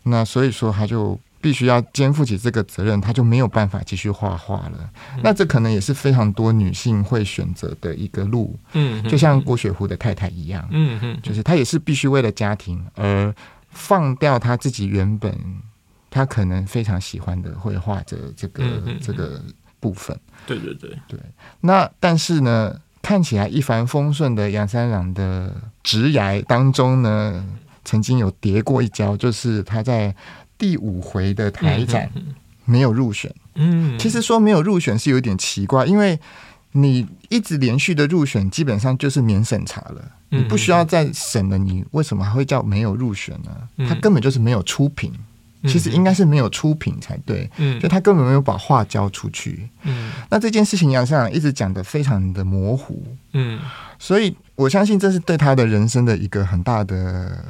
那所以說他就必須要肩負起這個責任，他就沒有辦法繼續畫畫了。嗯、哼那這可能也是非常多女性會選擇的一個路，嗯哼，就像郭雪湖的太太一樣，嗯哼，就是她也是必須為了家庭而放掉他自己原本他可能非常喜歡的繪畫的這個、嗯、哼這個部分，對對對對。那但是呢，看起來一帆風順的楊三郎的職涯當中呢，曾經有跌過一跤，就是他在第五回的台展沒有入選。嗯哼哼，其實說沒有入選是有點奇怪，因為你一直連續的入選，基本上就是免審查了，你不需要再審了，你為什麼還會叫沒有入選呢？他根本就是沒有出品。其實應該是沒有出品才對，嗯，就他根本沒有把話交出去，嗯，那這件事情楊校長一直講得非常的模糊，嗯，所以我相信這是對他的人生的一個很大的，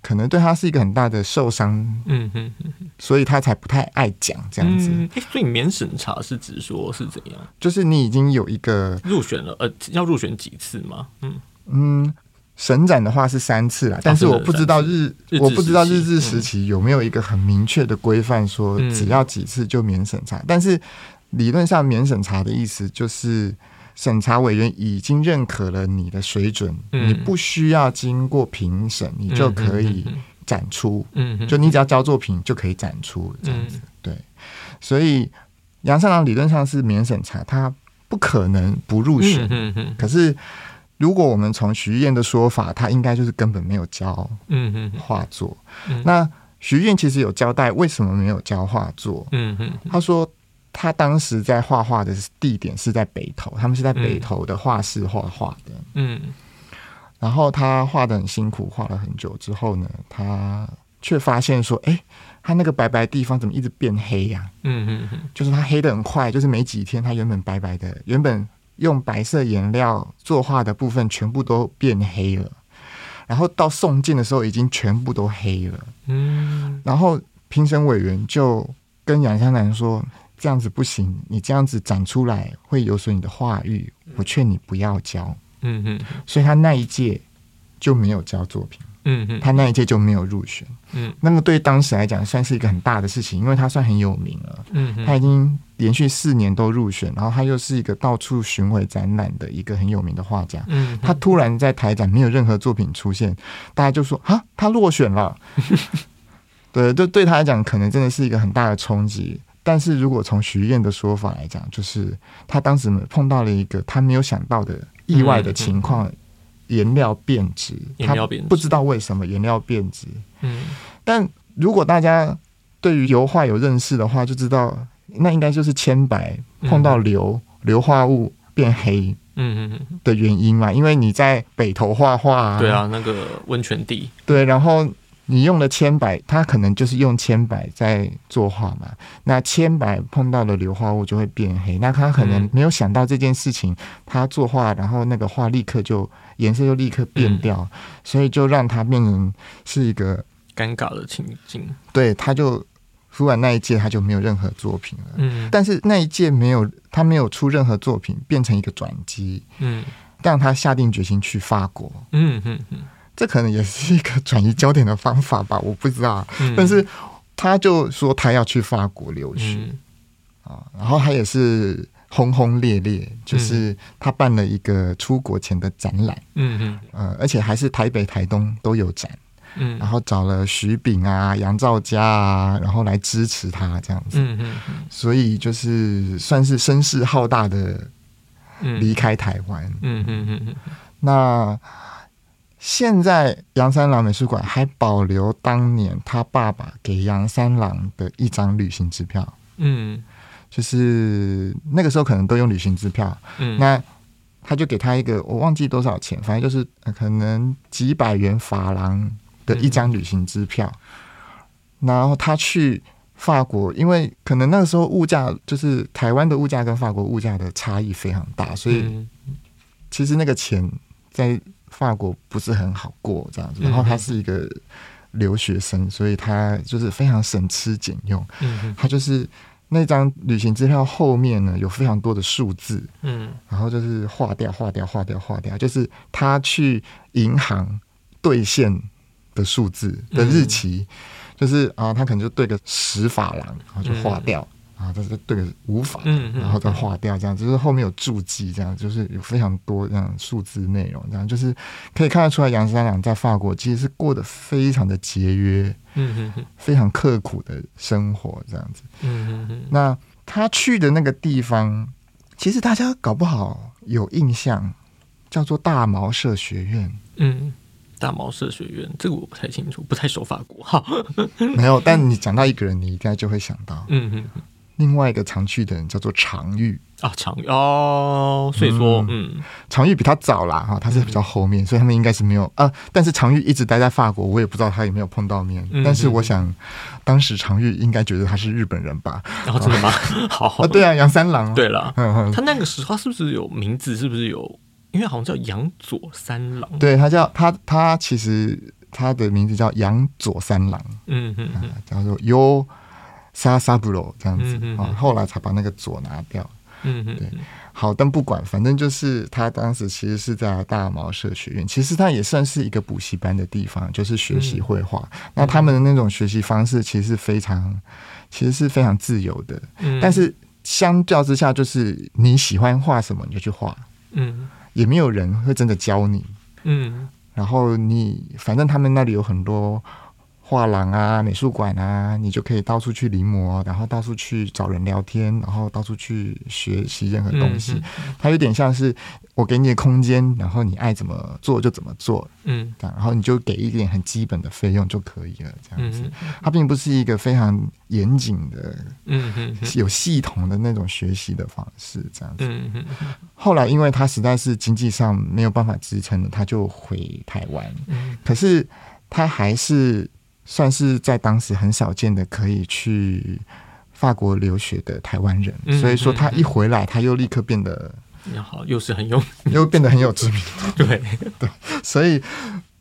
可能對他是一個很大的受傷，嗯，嗯，嗯，所以他才不太愛講這樣子。嗯、所以你免審查是指說是怎樣？就是你已經有一個入選了，呃，要入選幾次嗎？嗯嗯。省展的話是三次了，但是我不知道日、啊、我不知道日治、時、嗯、日治時期有沒有一個很明確的規範，說只要幾次就免審查。嗯、但是理論上免審查的意思就是審查委員已經認可了你的水準，嗯、你不需要經過評審，你就可以展出。嗯嗯嗯嗯嗯、就你只要交作品就可以展出這樣子。嗯、對，所以楊三郎理論上是免審查，他不可能不入選。嗯嗯嗯嗯、可是，如果我們從許燕的說法，他應該就是根本沒有教畫作。嗯哼嗯、哼那許燕其實有交代為什麼沒有教畫作。嗯、哼他說他當時在畫畫的地點是在北投，他們是在北投的畫室畫畫的。嗯，然後他畫得很辛苦，畫了很久之後呢，他卻發現說，哎，他那個白白地方怎麼一直變黑呀、啊？嗯哼，就是他黑得很快，就是沒幾天，他原本白白的，原本用白色顏料作畫的部分全部都變黑了，然後到送件的時候已經全部都黑了。嗯，然後評審委員就跟楊湘南說：“這樣子不行，你這樣子展出來會有損你的畫藝，我勸你不要交。”嗯嗯，所以他那一屆就沒有交作品。嗯，他那一屆就沒有入選。嗯，那麼對當時來講，算是一個很大的事情，因為他算很有名了。嗯，他已經連續四年都入選，然後他又是一個到處巡迴展覽的一個很有名的畫家。嗯哼，他突然在台展沒有任何作品出現，大家就說啊，他落選了。 對，就對他來講，可能真的是一個很大的衝擊。但是如果從徐燕的說法來講，就是他當時碰到了一個他沒有想到的意外的情況。嗯顏料變質，它不知道為什麼顏料變質。嗯，但如果大家對於油畫有認識的話，就知道那應該就是鉛白碰到硫、嗯、硫化物變黑，嗯嗯的原因嘛。因為你在北投畫畫，對啊，那個溫泉地，對，然後。你用了鉛白，他可能就是用鉛白在作畫嘛。那鉛白碰到的硫化物就會變黑，那他可能沒有想到這件事情，嗯、他作畫，然後那個畫立刻就顏色就立刻變掉，嗯、所以就讓他變成是一個尷尬的情境。對，他就突然那一屆他就沒有任何作品了。嗯，但是那一屆沒有他沒有出任何作品，變成一個轉機。嗯，讓他下定決心去法國。嗯嗯嗯。這可能也是一個轉移焦點的方法吧，我不知道。嗯、但是，他就說他要去法國留學，嗯啊、然後他也是轟轟烈烈，就是他辦了一個出國前的展覽，嗯嗯、呃，而且還是台北台東都有展，嗯、然後找了許丙啊、楊肇嘉啊，然後來支持他這樣子，嗯嗯嗯、所以就是算是聲勢浩大的離開台灣，嗯嗯嗯嗯，嗯嗯嗯嗯那。現在楊三郎美術館還保留當年他爸爸給楊三郎的一張旅行支票，嗯，就是那個時候可能都用旅行支票，嗯，那他就給他一個，我忘記多少錢，反正就是可能幾百元法郎的一張旅行支票，嗯，然後他去法國，因為可能那個時候物價就是台灣的物價跟法國物價的差異非常大，所以其實那個錢在法國不是很好過這樣子，然後他是一個留學生，嗯、哼所以他就是非常省吃儉用。嗯哼，他就是那張旅行支票後面呢，有非常多的數字，嗯，然後就是劃掉劃掉劃掉劃掉，就是他去銀行兌現的數字的日期，嗯、哼就是啊，他可能就兌個十法郎，然後就劃掉。嗯啊，都是對無法，然後再劃掉，這樣就是後面有注記，這樣就是有非常多這樣數字內容，這樣就是可以看得出來，楊三郎在法國其實是過得非常的節約，嗯哼哼，非常刻苦的生活，這樣子，嗯哼哼，那他去的那個地方，其實大家搞不好有印象，叫做大茅舍學院，嗯，大茅舍學院，這個我不太清楚，不太熟法國，哈， 沒有，但你講到一個人，你一定就會想到，嗯哼哼另外一個常去的人叫做常玉啊，常玉哦，所以說嗯，常玉、嗯、比他早啦哈，他是比較後面，嗯、所以他們應該是沒有啊。但是常玉一直待在法國，我也不知道他有沒有碰到面。嗯、哼但是我想，當時常玉應該覺得他是日本人吧？然、哦、真的嗎？嗯、好好，好、啊。對啊，楊三郎，對了啦，嗯嗯，他那個時候是不是有名字？是不是有？因為好像叫楊佐三郎，對他叫他他其實他的名字叫楊佐三郎，嗯嗯嗯，他說有。殺殺不嘍這樣子啊、哦，後來才把那個左拿掉。嗯嗯哼，對，好，但不管，反正就是他當時其實是在大茅舍學院，其實他也算是一個補習班的地方，就是學習繪畫。嗯、那他們的那種學習方式其實是非常，其實是非常自由的。嗯。但是相較之下，就是你喜歡畫什麼你就去畫，嗯，也沒有人會真的教你，嗯。然後你反正他們那裡有很多。畫廊啊，美術館啊，你就可以到處去臨摹，然後到處去找人聊天，然後到處去學習任何東西。嗯、哼它有點像是我給你的空間，然後你愛怎麼做就怎麼做。嗯，然後你就給一點很基本的費用就可以了，這樣子。嗯、哼它並不是一個非常嚴謹的、嗯哼有系統的那種學習的方式，這樣子。嗯、哼後來，因為他實在是經濟上沒有辦法支撐，他就回台灣。可是他還是。算是在當時很少見的，可以去法國留學的台灣人，嗯、所以說他一回來，嗯、他又立刻變得好，又是很有，又變得很有知名度，對對，所以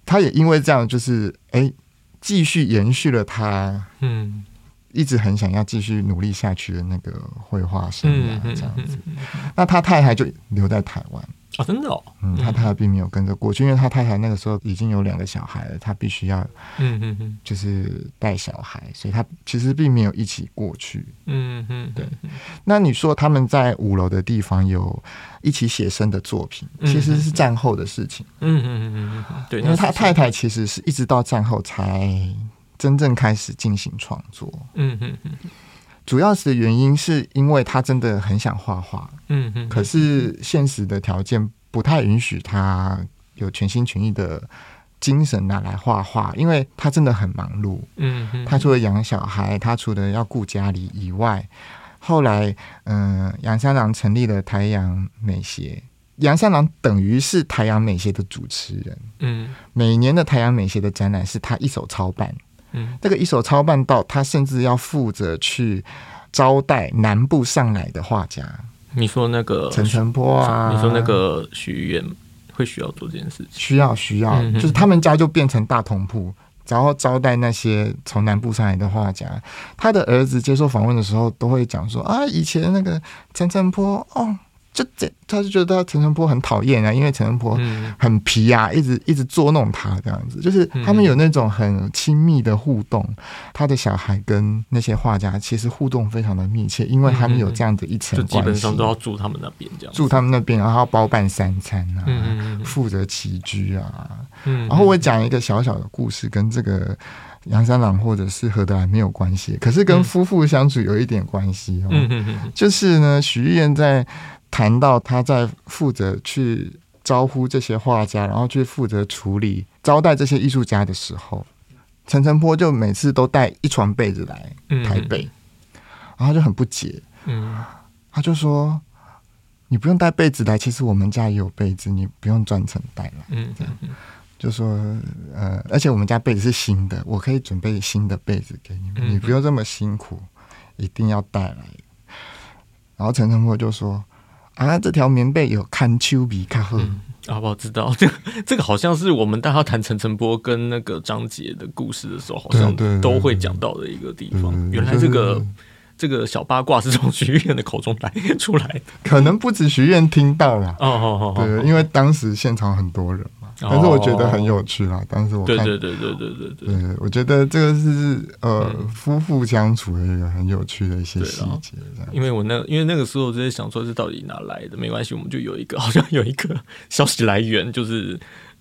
他也因為這樣，就是哎，繼續延續了他嗯，一直很想要繼續努力下去的那個繪畫生涯，啊、這樣子。嗯嗯、那他太太就留在台灣。哦、真的哦，嗯，他太太並沒有跟着過去，嗯、哼因為他太太那個時候已經有兩個小孩了，他必須要，嗯嗯嗯，就是帶小孩，嗯、哼所以他其實並沒有一起過去，嗯嗯哼，對。那你說他們在五樓的地方有一起寫生的作品，嗯、哼其實是戰後的事情，嗯嗯嗯嗯，對，那個、因為他太太其實是一直到戰後才真正開始進行創作，嗯嗯嗯。主要是原因是因為他真的很想畫畫，嗯嗯，可是現實的條件不太允許他有全心全意的精神拿來畫畫，因為他真的很忙碌，嗯哼哼，他除了養小孩，他除了要顧家裡以外，後來，嗯、呃，楊三郎成立了台陽美協，楊三郎等於是台陽美協的主持人，嗯，每年的台陽美協的展覽是他一手操辦。這個一手操辦到，他甚至要負責去招待南部上來的畫家。你說那個陳澄波啊，你說那個許玉燕會需要做這件事情？需要，需要，嗯、哼就是他們家就變成大通鋪，然後招待那些從南部上來的畫家。他的兒子接受訪問的時候，都會講說啊，以前那個陳澄波哦。就他就覺得他陳澄波很討厭啊，因為陳澄波很皮呀、啊，嗯、一直一直捉弄他這樣子。就是他們有那種很親密的互動，嗯、他的小孩跟那些畫家其實互動非常的密切，因為他們有這樣的一層關係，嗯嗯、就基本上都要住他們那邊，住他們那邊，然後包辦三餐啊，負、嗯嗯嗯、責起居啊。嗯嗯、然後我講一個小小的故事，跟這個楊三郎或者是何德來沒有關係，可是跟夫婦相處有一點關係哦。嗯、就是呢，許玉燕在。談到他在負責去招呼這些畫家，然後去負責處理招待這些藝術家的時候，陳澄波就每次都帶一床被子來台北，嗯嗯，然後他就很不解，嗯嗯，他就說：“你不用帶被子來，其實我們家也有被子，你不用專程帶來。”嗯，這樣，就說呃，而且我們家被子是新的，我可以準備新的被子給你，你不用這麼辛苦，一定要帶來。然後陳澄波就說。啊，這條棉被有看秋比看厚，好不好？嗯啊、我知道這個、這個好像是我們大家談陳澄波跟那個張捷的故事的時候，好像都會講到的一個地方。原來這個這個小八卦是從許玉燕的口中來出來的，可能不止許玉燕聽到嘛 對、哦。哦哦哦，對，因為當時現場很多人。但是我覺得很有趣啦，當時、哦、我看對對對對對對對，我覺得這個是呃，嗯、夫婦相處的一個很有趣的一些細節。了因為我那因為那個時候，我在想說這到底哪來的？沒關係，我們就有一個好像有一個消息來源，就是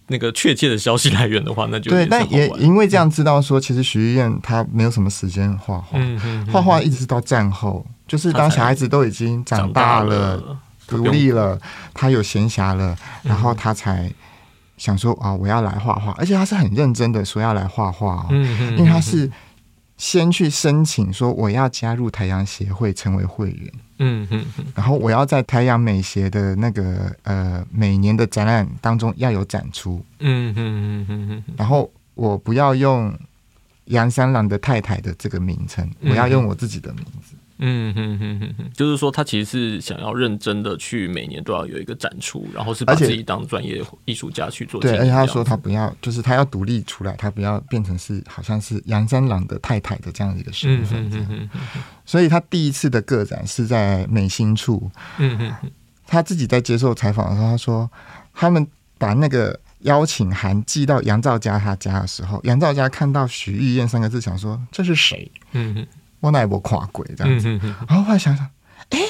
那個確切的消息來源的話，那就對。但也因為這樣知道說，嗯、其實許玉燕她沒有什麼時間畫畫，嗯、哼哼哼畫畫一直到戰後，就是當小孩子都已經長大了、了獨立了，她有閒暇了，然後她才。想說啊，我要來畫畫，而且他是很認真的說要來畫畫哦，嗯、哼哼因為他是先去申請說，我要加入台陽協會成為會員，嗯、哼哼然後我要在台陽美協的那個呃每年的展覽當中要有展出，嗯、哼哼哼然後我不要用楊三郎的太太的這個名稱，我要用我自己的名字。嗯哼哼哼哼，就是說他其實是想要認真的去每年都要有一個展出，然後是把自己當專業藝術家去做。對，而且他說他不要，就是他要獨立出來，他不要變成是好像是楊三郎的太太的這樣一個身份。所以他第一次的個展是在美新處。嗯哼、哼、哼，他自己在接受採訪的時候，他說他們把那個邀請函寄到楊肇嘉他家的時候，楊肇嘉看到“許玉燕”三個字，想說，這是誰？嗯哼。我奶有誇鬼這樣子、嗯哼哼？然後後來想一想，哎、欸，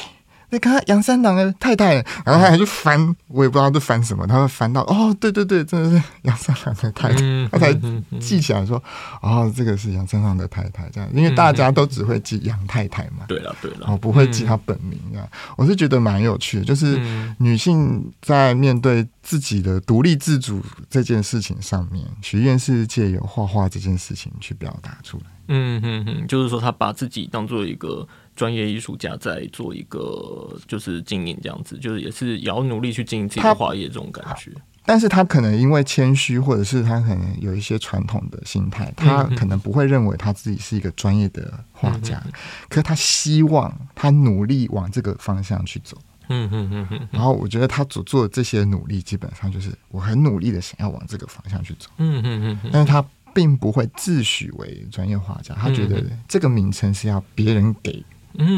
那個楊三郎的太太、欸，然後他還去翻，我也不知道是翻什麼，他翻到哦，對對對，真的是楊三郎的太太，嗯、哼哼，他才記起來說，哦，這個是楊三郎的太太，這樣，因為大家都只會記楊太太嘛，對了對了，然後、哦、不會記他本名這樣，我是覺得蠻有趣的，就是女性在面對自己的獨立自主這件事情上面，許玉燕是借由畫畫這件事情去表達出來。嗯嗯嗯，就是說他把自己當做一個專業藝術家，在做一個就是經營這樣子，就是也是也要努力去經營自己的畫業這種感覺，但是他可能因為謙虛，或者是他可能有一些傳統的心態，他可能不會認為他自己是一個專業的畫家，嗯、哼哼可是他希望他努力往這個方向去走。嗯嗯嗯嗯。然後我覺得他所做的這些努力，基本上就是我很努力的想要往這個方向去走。嗯嗯嗯，但是他。並不會自詡為專業畫家，他覺得這個名稱是要別人給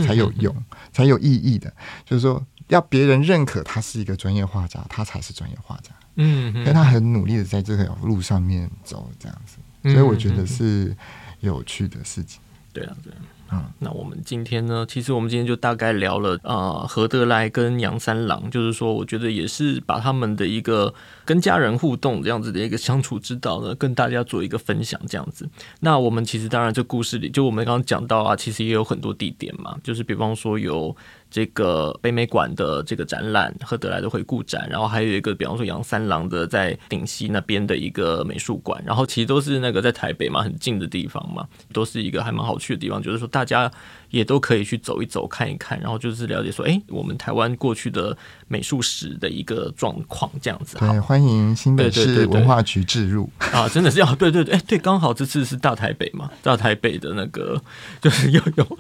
才有用，嗯、哼哼才有意義的，就是說要別人認可他是一個專業畫家，他才是專業畫家。嗯哼，但他很努力的在這條路上面走，這樣子，所以我覺得是有趣的事情。嗯、哼哼對啊，對啊。嗯，那我們今天呢，其實我們今天就大概聊了啊、呃，何德來跟楊三郎，就是說，我覺得也是把他們的一個跟家人互動這樣子的一個相處之道呢，跟大家做一個分享這樣子。那我們其實當然，這故事裡就我們剛剛講到啊，其實也有很多地點嘛，就是比方說有。這個北美館的這個展覽何德來的回顧展，然後還有一個比方說楊三郎的在頂溪那邊的一個美術館，然後其實都是那個在台北嘛，很近的地方嘛，都是一個還蠻好去的地方，就是說大家也都可以去走一走、看一看，然後就是了解說，哎，我們台灣過去的美術史的一個狀況這樣子。對，歡迎新北市文化局置入，對對對對啊，真的是要對對對，哎，對，剛好這次是大台北嘛，大台北的那個就是有有。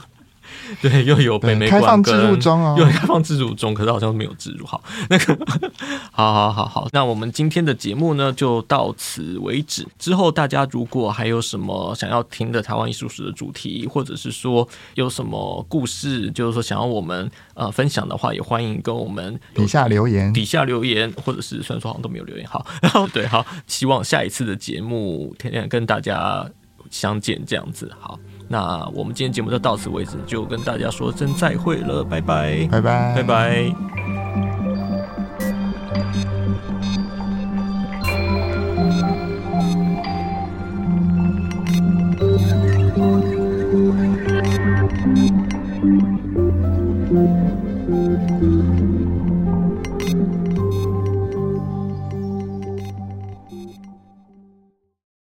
對，又有北美開放自助中哦、啊，又開放自助中，可是好像沒有自助。好。那個，好好好好，那我們今天的節目呢就到此為止。之後大家如果還有什麼想要聽的台灣藝術史的主題，或者是說有什麼故事，就是說想要我們呃分享的話，也歡迎跟我們底下留言，底下留言，或者是雖然說好像都沒有留言。好。然後對，好，希望下一次的節目天天跟大家相見這樣子好。那我們今天節目就到此為止，就跟大家說聲再會了，拜拜，拜拜，拜拜。